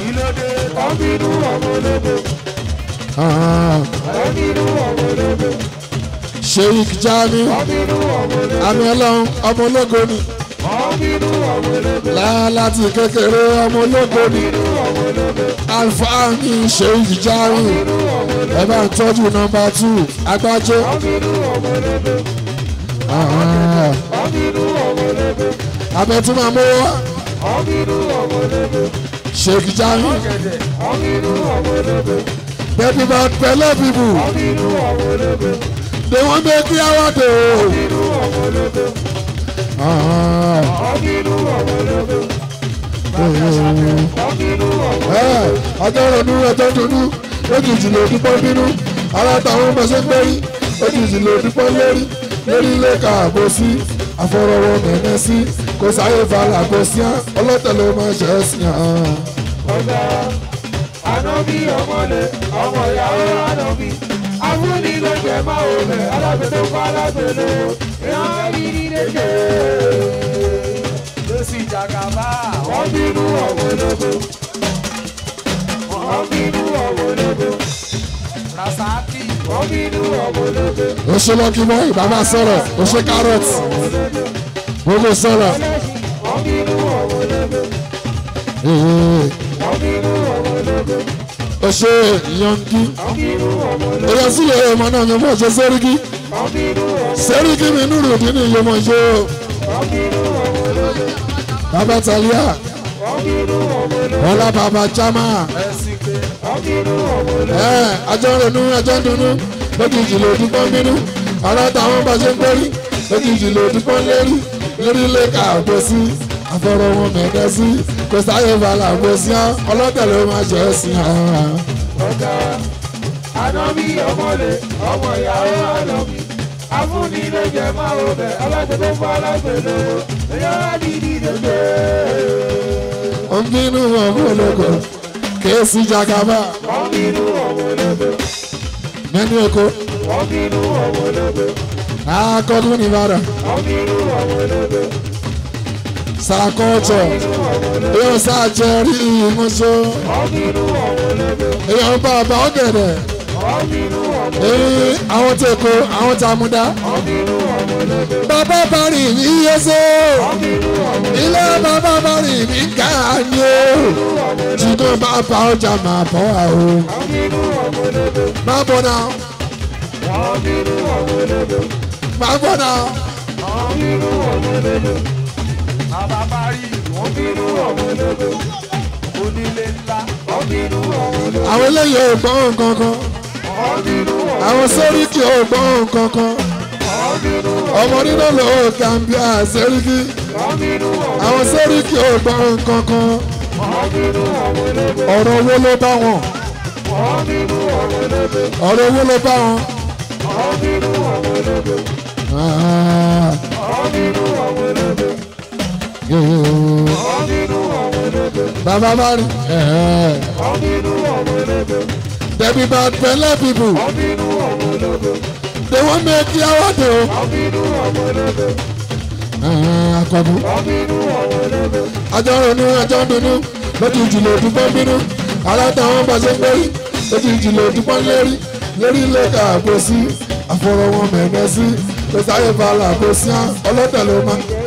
ìlòdè kan bínú ọmọ ológo. Sheikh Jami àmì ọlọ́run ọmọ ológo ni láti kékeré ọmọ ológo ni alfaani Sheikh Jami ẹ bá ń tọ́jú nọmba two agbájé. abẹ tí màá mú wá. Sheikh Jami. Happy birthday, fellow people. They want make you out there. Ah. Ọjọ́ ìrọ̀lú rẹ̀ tó dunú, ojú ìjìnlẹ̀ òdúpọ̀ nínú, ara táwọn ọmọ ṣe ń gbẹ́rí, ojú ìjìnlẹ̀ òdúpọ̀ lérí, lórí ilé kààbò sí, àfọ̀rọ̀wọ̀ mẹ̀mẹ́ sí, kò sáyé balà kò sí án, ọlọ́tẹ̀lẹ̀ ọmọ ṣẹ̀ sí án ànábì ọmọlẹ̀ ọmọ ìyàwó ànábì afúnilẹ́gbẹ̀ẹ́ máa wò lẹ̀ alágbètò fún alágbèlò ìhàn yìí lẹ́jẹ̀. jàgàbá. wọ́n bínú ọ̀wọ́ lọ́gbọ́. wọ́n bínú ọ̀wọ́ lọ́gbọ́. rasaki. wọ́n bínú ọ̀wọ́ lọ́gbọ́. ó ṣe lọ́kì mọ́ ìbámu sọ̀rọ̀ ó ṣe kárọ̀tì gbogbo sọ̀rọ̀. wọ́n bínú ọ̀wọ́ lọ́gbọ́ ọ̀ṣẹ́ yangi ẹ̀yà sílẹ̀ ọmọ náà yẹn fún ọ̀ṣẹ́ sẹ́ríkì sẹ́ríkì mi nùrù dín ní ìyọmọ ṣe o bàbá talia ọlá bàbá jama ẹ ajọ́ ronú ajọ́ dunú lójijì lòdì pọ́n bínú ọ̀rọ̀ táwọn bá ṣe ń gbẹ́rí lójijì lòdì pọ́n lérí lórílẹ̀ kà àbọ̀sí àfọ̀rọ̀ wọn mẹ̀ẹ́dẹ́sí kò sáyé balà kò sí án ọlọ́tẹ̀ ló máa jẹ́ sí án. ọ̀gá anọ́bí ọmọlẹ̀ ọmọ ìyàwó àlọ́bí afúnni ló jẹ máa ro bẹ̀ aláṣẹ tó fọ́ alágbèlè ẹ̀yọ́ àdìdì dèdè. ó ń bínú ọmọ ológo kéésì jagaba. ó ń bínú ọmọ ológo. mẹ́nu oko. ó ń bínú ọmọ ológo. akọ́dún nìbàdàn. ó ń bínú ọmọ ológo. Sakoto, yóò sàjẹ rí ìmúṣọ èèyàn bàbá ọ̀gẹ̀dẹ̀ èyí àwọn tí èkó àwọn tí amúdá bàbá bari mi yéṣe ilé bàbá bari mi gàánye tìǹbù bàbá ọjà máa bọ̀ àwọn máa bọ̀ náà máa bọ̀ náà àwọn eléyìí ò gbọ́ nǹkan kan àwọn sẹ́ríkì ò gbọ́ nǹkan kan ọmọ nínú ló gàmbíà sẹ́ríkì àwọn sẹ́ríkì ò gbọ́ nǹkan kan ọ̀rọ̀ owó ló bá wọn ọ̀rọ̀ owó ló bá wọn. Ah. Bàbá eh, eh. eh, bá rí. Dẹ̀bi bá pẹ́ lẹ́bìbù. They wan make you awa de o. Akọ̀bù. Ajọ́ ronú, ajọ́ dunú, lójú ìjìnlẹ̀ òdúgbò ń bínú. Alátàwọn bàṣẹ gbérí, lójú ìjìnlẹ̀ òdúgbò ń lérí. Lérí ilé kàgbó sí, àfọwọ́wọ́ mẹ̀mẹ́ sí. Lọ́sàáyé balà kò sí án, ọlọ́tẹ̀ ló máa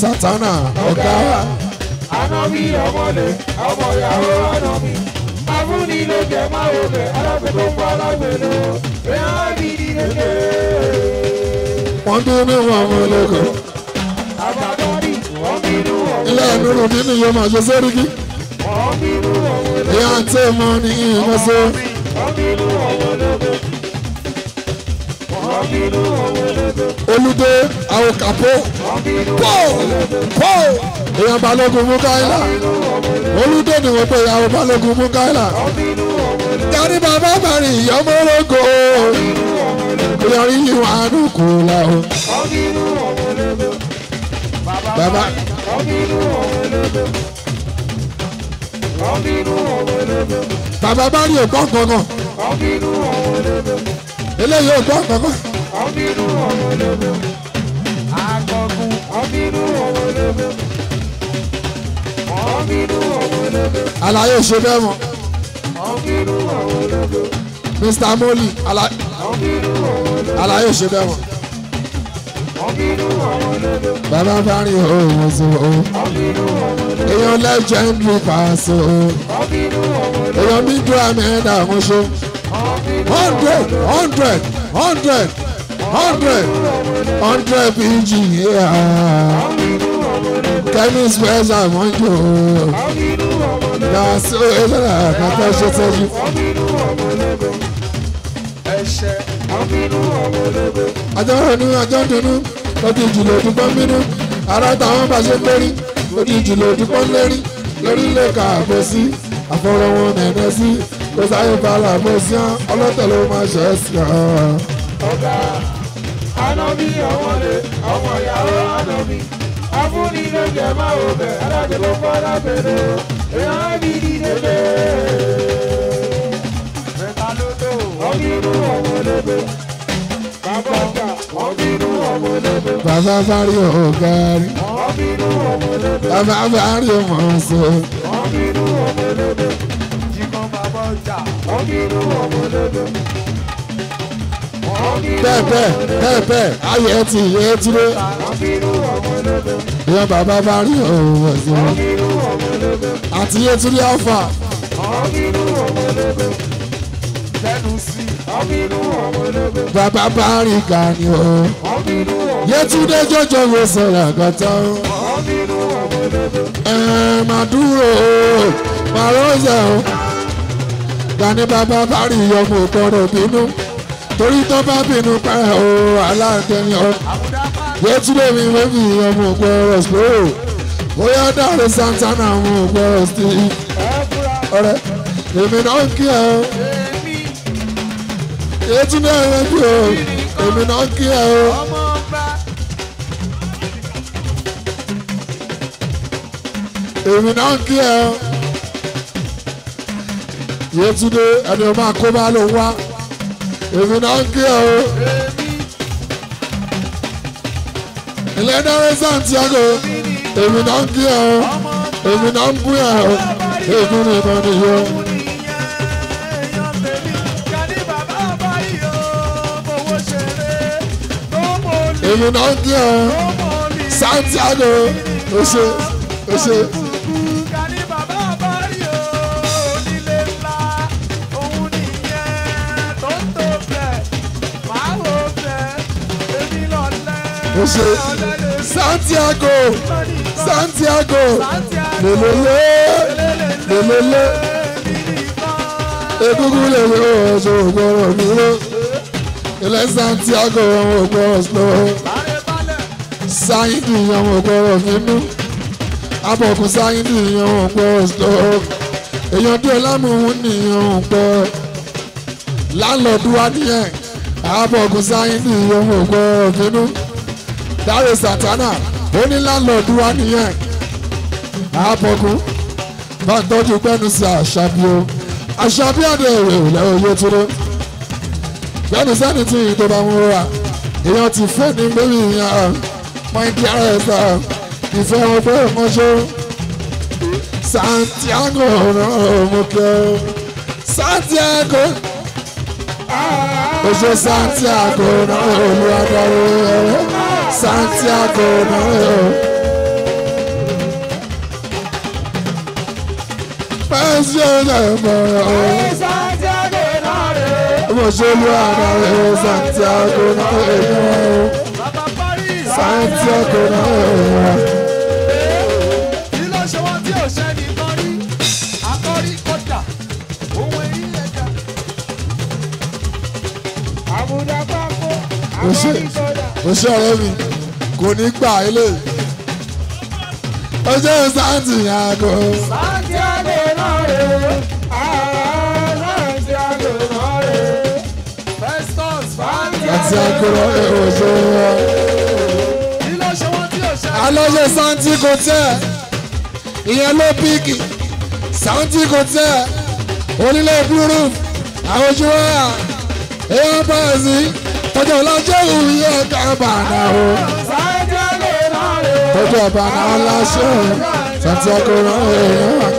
sátánà ọ̀gá wa. ànábì ọmọdé ọmọ ìyàwó ànábì abúlé ló jẹ máa wò bẹ alágbèdó fún alágbèdó rẹ á bí dídé dé. wọ́n tún ní wọn mú lẹ́kọ̀ọ́. àbàdàn ni wọ́n bínú ọ̀hún. ilé ìnúrù nínú yóò máa ṣe sẹ́ríkì. wọ́n bínú ọ̀hún lẹ́kọ̀ọ́. ìyá àti ẹ̀mọ́ ni ìyẹn mọ́ sí. wọ́n bínú ọ̀hún lẹ́kọ̀ọ́ olùdé àwọn kàpó pọ́ọ̀ pọ́ọ̀ èèyàn balógun mukaila olùdé ni wọ́n pe ìyàwó balógun mukaila dárí bàbá bàrin ìyọ́mọ́lógo ìyọrí yìí àánú kù láwọn. bàbá. bàbá bá rí ògbọ́n kan náà eléyìí ògbọ́n kan náà ọbínú ọmọ ológo àkọkùn ọbínú ọmọ ológo ọbínú ọmọ ológo. àlàyé ò ṣe bẹ́ẹ̀ mọ́. ọbínú ọmọ ológo. Mr. Moli àlàyé ò ṣe bẹ́ẹ̀ mọ́. bàbá bá rìn òun so o. ọbínú ọmọ ológo. èèyàn pàṣẹ o. èèyàn mi dúró àmì ẹ̀dá àmúṣe. hundred hundred hundred hundred hundred pg kẹ́míìsì pẹ́sà mọ́jọ́ yàtọ̀ ẹ̀sẹ̀lá kàtà ṣe sẹ́jú. ọjọ́ ronú ọjọ́ dunú lójú ìjìnlẹ̀ òdúgbò bínú ara táwọn bá ṣe lérí lójú ìjìnlẹ̀ òdúgbò lérí lórí lè kà àbòsí àfọwọ́wọ́ mẹ́rẹ́ sí kò sáyé balà àbòsí ọlọ́tẹ̀ ló máa ṣe é sí ọ. Ànàbí ọmọdé ọmọ ìyàwó Ànàbí. Afúnni ló jẹ máa wò bẹ̀ alájẹ ló fọ́ lábẹ́rẹ́ o. Èèyàn bí ní délé. Mẹ́ta ló tó. Ọbí inú ọmọ lébè. Bàbá ọ̀gá ọbí inú ọmọ lébè. Bàbá Fárí ọ̀gá rí. Ọbí inú ọmọ lébè. Bàbá Fárí ọmọ ọ̀sẹ̀. Ọbí inú ọmọ lébè. Jìkan bàbá ọjà. Ọbí inú ọmọ lébè pẹ́ẹ̀pẹ́ pẹ́ẹ̀pẹ́ ayé ẹ ti yẹ ẹ ti lé ìyá bàbá bá rí ọ̀hún ọ̀sìn wọn àti yẹ ti lé ọ̀fà. Bàbá bá rí gani o. Yétúndé jọjọ wo sọ̀rọ̀ àgọ́tà o. Ẹ̀ẹ́n máa dúró o, máa rọ́ọ̀sẹ̀ o. Gani bàbá bá rí ọmọ ògbọ́dọ̀ bínú torí tó bá bínú pa o aláǹtẹ̀ni ọ. yẹtúndé mi wẹ́bí ọmọ ògbọ́rọ̀ slow bóyá dáre santana ọmọ ògbọ́rọ̀ steve ọ̀rẹ́ èmi náà kí ẹ o. yẹtúndé mi o èmi náà kí ẹ o. èmi náà kí ẹ o. yẹtúndé ẹni ọmọ akóbá ló wá èmi náà ń kí ọ. ilé dáre Santiago èmi náà ń kí ọ. èmi náà ń bú ẹ̀ ọ. èmi ni mo ní yọ. èmi náà ń kí ọ. Santiago ó ṣe ó ṣe. mo ṣe Santiago Santiago lelele lelele egungun lele ọ̀ṣọ́ ògbọ́rọ̀ mi lọ ilẹ̀ Santiago àwọn ògbọ́rọ̀ lọ́wọ́ sáyidì àwọn ògbọ́rọ̀ mi lo. abọ̀kùn sáyidì àwọn ògbọ́rọ̀ lọ́wọ́ èèyàn bí ọlámùhún nìyẹn ògbọ́ láńlọ́ọ̀dù wa nìyẹn abọ̀kùn sáyidì àwọn ògbọ́rọ̀ mi lo. Dáre Santana ó ní láńlọ́ọ̀dù wa nìyẹn àbọ̀kú bá tọ́jú gbẹ́nu sí àṣàbí o àṣàbí àdé èrè òlẹ̀ òye dúró gbẹ́nu sẹ́ni tí ìyìn tó bá mú ra èèyàn ti fẹ́ ní lórí ìyàn mọ́ìkì ara ẹ̀ sá ìfẹ́ wọn fẹ́ mọ́ṣọ́ Santiago ọ̀rọ̀mọ̀kẹ́ Santiago oṣù Santiago ọ̀rọ̀mọ̀kẹ́. Santiago náà. Pẹ́sìlẹ̀ mọ̀ ọ́. Santiago náà rẹ̀. Mo ṣe lu àná rẹ̀ Santiago náà rẹ̀. Santiago náà rẹ̀. Você o ṣe ọ̀rẹ́ mi kò ní gbà ilé o ṣe sáǹtì yàgò. sáǹtì àlè náà rè é sáǹtì àlè náà rè é festus sáǹtì àlè náà rè é. ilé ṣe wọ́n tí o ṣe. kò tẹ̀ ìyẹn ló píkì sáǹtì kò tẹ̀ onílé blue roof àwọn ojú wáyà èèyàn bá ẹ̀ sí tọjọ lọjọ òye kábà náà o tọjọ bàná lásọ santiago náà o.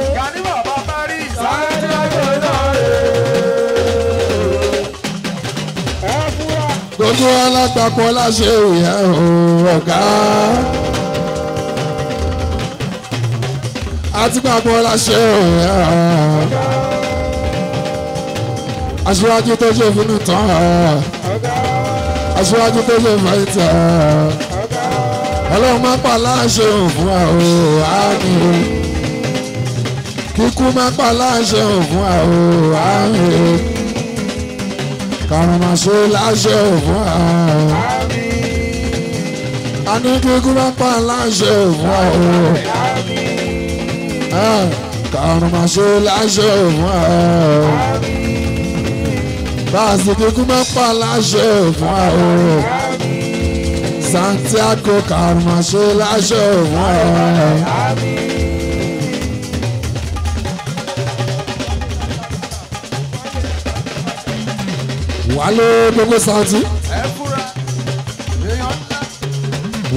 gbogbo alágbàpọ̀ láṣẹ òye ọ̀gá. àtìgbàpọ̀ láṣẹ òye ọ̀gá. aṣíwájú tó ṣe fún un tán aṣíwájú tó ṣe fàyíta ọlọ́run má pa láṣẹ òfun àwọ̀ ààrùn kíkú má pa láṣẹ òfun àwọ̀ ààrùn kàrùnmọ̀ṣe láṣẹ òfun àwọ̀ a ní kíkú má pa láṣẹ òfun àwọ̀ ah, kàrùnmọ̀ṣe láṣẹ òfun àwọ̀. Bàṣídìkú máa ń pa láṣẹ fún àwọn. Santiago kàrùmà ṣe láṣẹ fún àwọn. Wálé gbogbo Santi.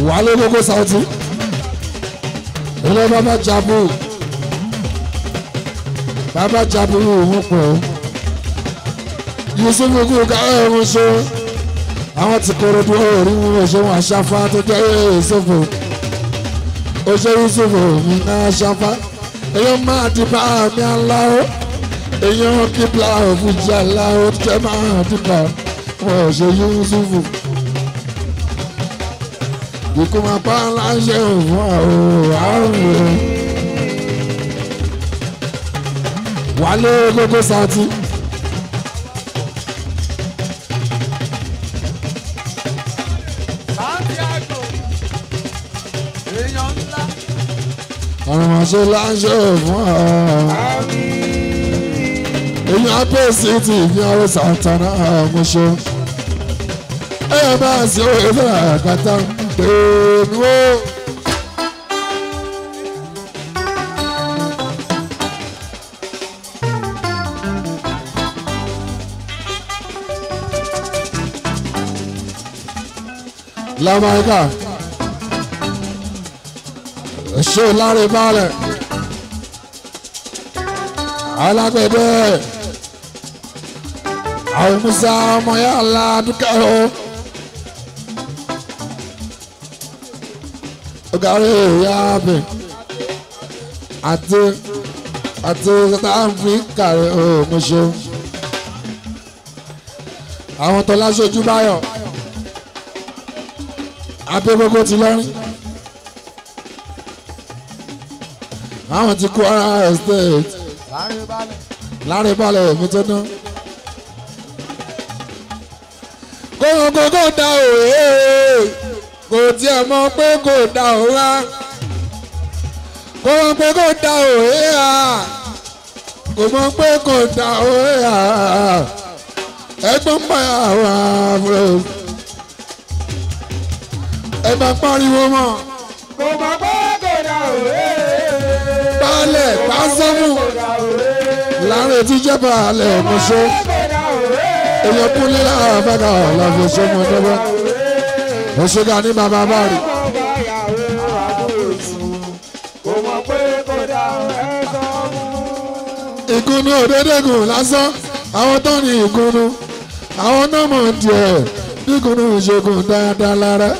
Wálé gbogbo Santi. Ilé bàbá Jabu. Bàbá Jabu wò wọ́n pọ̀ ìbò sómi ogún ọ̀gá ẹ̀rùn ṣe àwọn ti kọrọ bí ọ̀rọ̀ rí wọn ṣe wọn àṣàfà tó jẹ́ ìṣòfò òṣèré ìṣòfò mi náà ṣàfà èèyàn máa di bá mi aláwọ̀ èèyàn kíbla òfújì aláwọ̀ jẹ́ máa di bá wọn ṣe yúnṣùfò ìkú máa pa aláṣẹ òfò àwọn àrùn wálé gbogbo sátì. ṣe láṣẹ fún ọ. èyí apèsè ti ìfihàn ọ̀rọ̀ sàtàrà mo ṣe. ẹ yẹ máa ṣe òye fún àkàtà tèmi ó. Lamaica ṣe láre balẹ̀ alágbẹ̀dẹ àwọn musa ọmọ yà lá dúkẹ́ o. ogare ìyá mi àti àti ta Africa rẹ o mo ṣe àwọn tó láṣojú báyọ̀ abẹ́gbogbo ti lọ́rin. àwọn ti Kwara State lárìbálẹ̀ èmi tó ná. kóńgó kò dá òwe eh. kò tiẹ̀ mọ̀ pé kò dá òwá kóńgó pé kò dá òwe eh, à kò mọ̀ pé kò dá òwe eh, à ẹgbọ́n báyà wà fúlọ́ ẹ baálẹ̀ pàṣẹmù láàrin tí jẹ́ baálẹ̀ ọmọṣẹ́ èèyàn kúnlé lára àfẹ́gà làfẹ́ṣẹ́ mọ́tọ́bọ́ ọ̀ṣẹ́gà ní bàbá báàrí. ìkùnnú òdédégùn lásán àwọn tó ní ìkùnnú àwọn náà mọ̀ díẹ̀ bíkùnnú ìṣègùn dáadáa lára.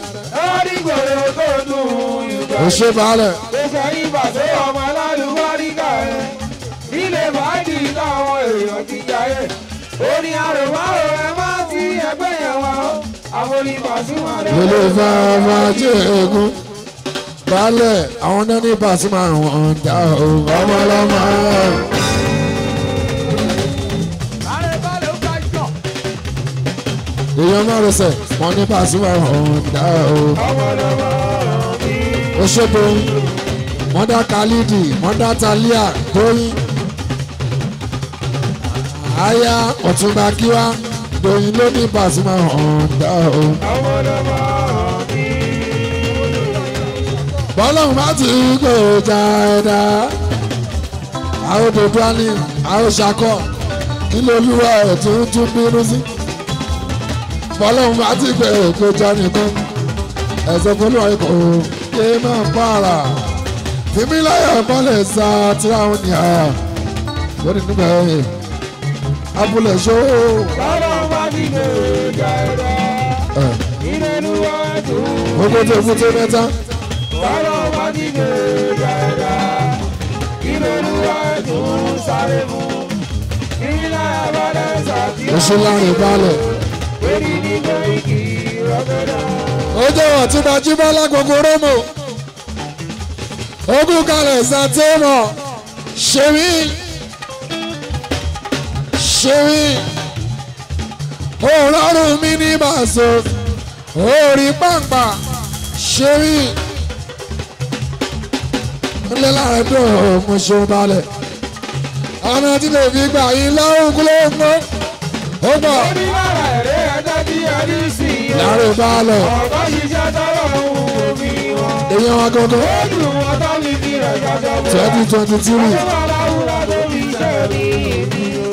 ó rí gbòòrò tó dùn ìgbà. ọ̀ṣẹ́ baálẹ̀. lèlè fàáfà jẹ́ ègún balẹ̀ àwọn nẹ́ni bàtí máa rùn ọ̀n dá o ọmọ ọlọ́mọ. èèyàn márosẹ̀ wọn ní bàtí máa rùn ọ̀n dá o. òṣèbó wọ́n dá khalidi talia tóyìn aya ọ̀túnba kíwá. Tóyìn ló ní Pasuma Ọ̀ǹda o. bọ́lọ́hún bá ti kó ja ẹ̀dá àwọn òdòdó àní àwọn ṣakọ nílò olúwa ẹ̀tún tún bínú sí. bọ́lọ́hún bá ti pè kó ja nìkan ẹ̀sẹ̀ fúnlọ́ ikọ̀ yé máa ń pààrà fìmí láyọ̀ mọ́lẹ̀ sa tíráhùn ní àyà lórí nígbà yẹn abúlé ṣó nínú jẹrẹ ìrẹnu ọdún. mo kó tó fún tó mẹ́ta. sọ̀rọ̀ wá nínú jẹrẹ ìrẹnu ọdún sáré mu ìlà abọ́dẹ sàbí. oṣù láàrin balẹ̀. èyí ni kò kì í rọ́gọ́dà. ó jẹ́ ọ̀túnba jíbọ́ lágbogbo rómò ogún kalẹ̀ sàtẹ́mọ̀ ṣèwí ṣèwí ọlọ́run mi ní màṣọ orí pàǹpà ṣe rí nílé láàrin dùn mo ṣe ń balẹ̀ ọ̀nà tí lè fi gbà yín lọ́rùn kúlẹ̀ ń mọ́ ó gbọ́. orí lára ẹ̀rẹ́ ẹja kí ẹni sí i. láàrin balẹ̀. ọ̀gá ṣiṣẹ́ tọ́lọ̀ ohun mi wọn. èèyàn wa gangan. ó wọn tó ní kí rẹ̀ jọjọ bọ̀. twenty twenty three. ọjọ́ bàbá lórí iṣẹ́ mi èmi o.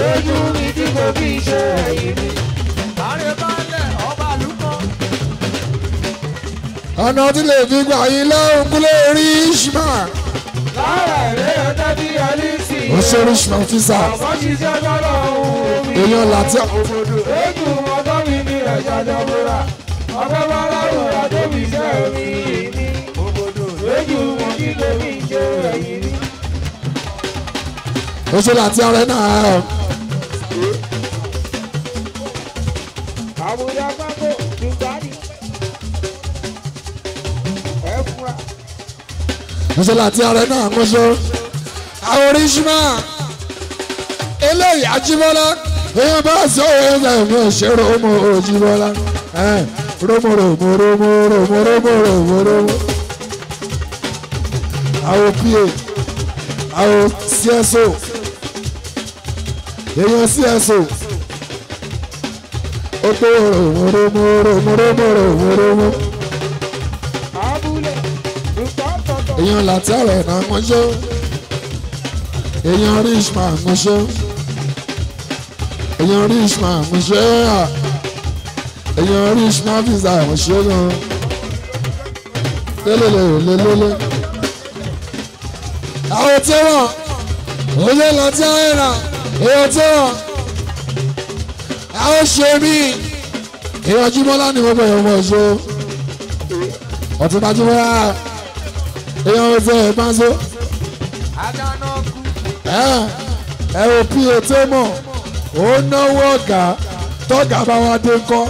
lójú mi ṣe bí ọ̀nà tí lè fi gbà yín lọ́rùn kúlẹ̀ rí ṣùgbọ́n. lára ẹ̀rẹ́ ọjọ́ bí ọlí sí i. ó ṣùgbọ́n fisa. ọ̀pọ̀ ṣiṣẹ́ lọ́rọ̀ ohun èèyàn làtí òbòdò. eégún ọgọ́ mi ni ẹ̀ṣẹ̀ jọ̀bọ̀ra. ọgọ́ bá láwùn àdó mi jẹ́ omi yìí ni. òbòdò eégún wọn kí lè fi ṣe èyí ni. ó ṣe làtí náà. ńṣe láti ààrẹ náà mú sọ. àwọn oríṣìíma eléyìí Ajíbọ́lá èèyàn bá sọ òun ẹ̀ mú ṣe rómò Òjíbọ́lá rómò rómò rómò rómò rómò rómò rómò. àwọn pa àwọn CSO èèyàn CSO ó tó rómò rómò rómò rómò rómò èèyàn látàrẹ̀ náà mo ṣó èèyàn richman mo ṣó èèyàn richman mo ṣó èèyàn man visa mo ṣó yan lélele lélele. àwọn tí wọn òye látàrẹ̀ náà èèyàn tí wọn àwọn ṣe mí èèyàn jímọ́lá ni mo bẹ̀rẹ̀ ọmọ ọ̀ṣọ́ ọ̀tún bá jímọ́lá èèyàn ọ̀sẹ̀ ẹ̀ máa so. ẹ ò pí ètò mọ̀ ó náwó ọ̀gá tọ́gà bá wa dé ńkọ́.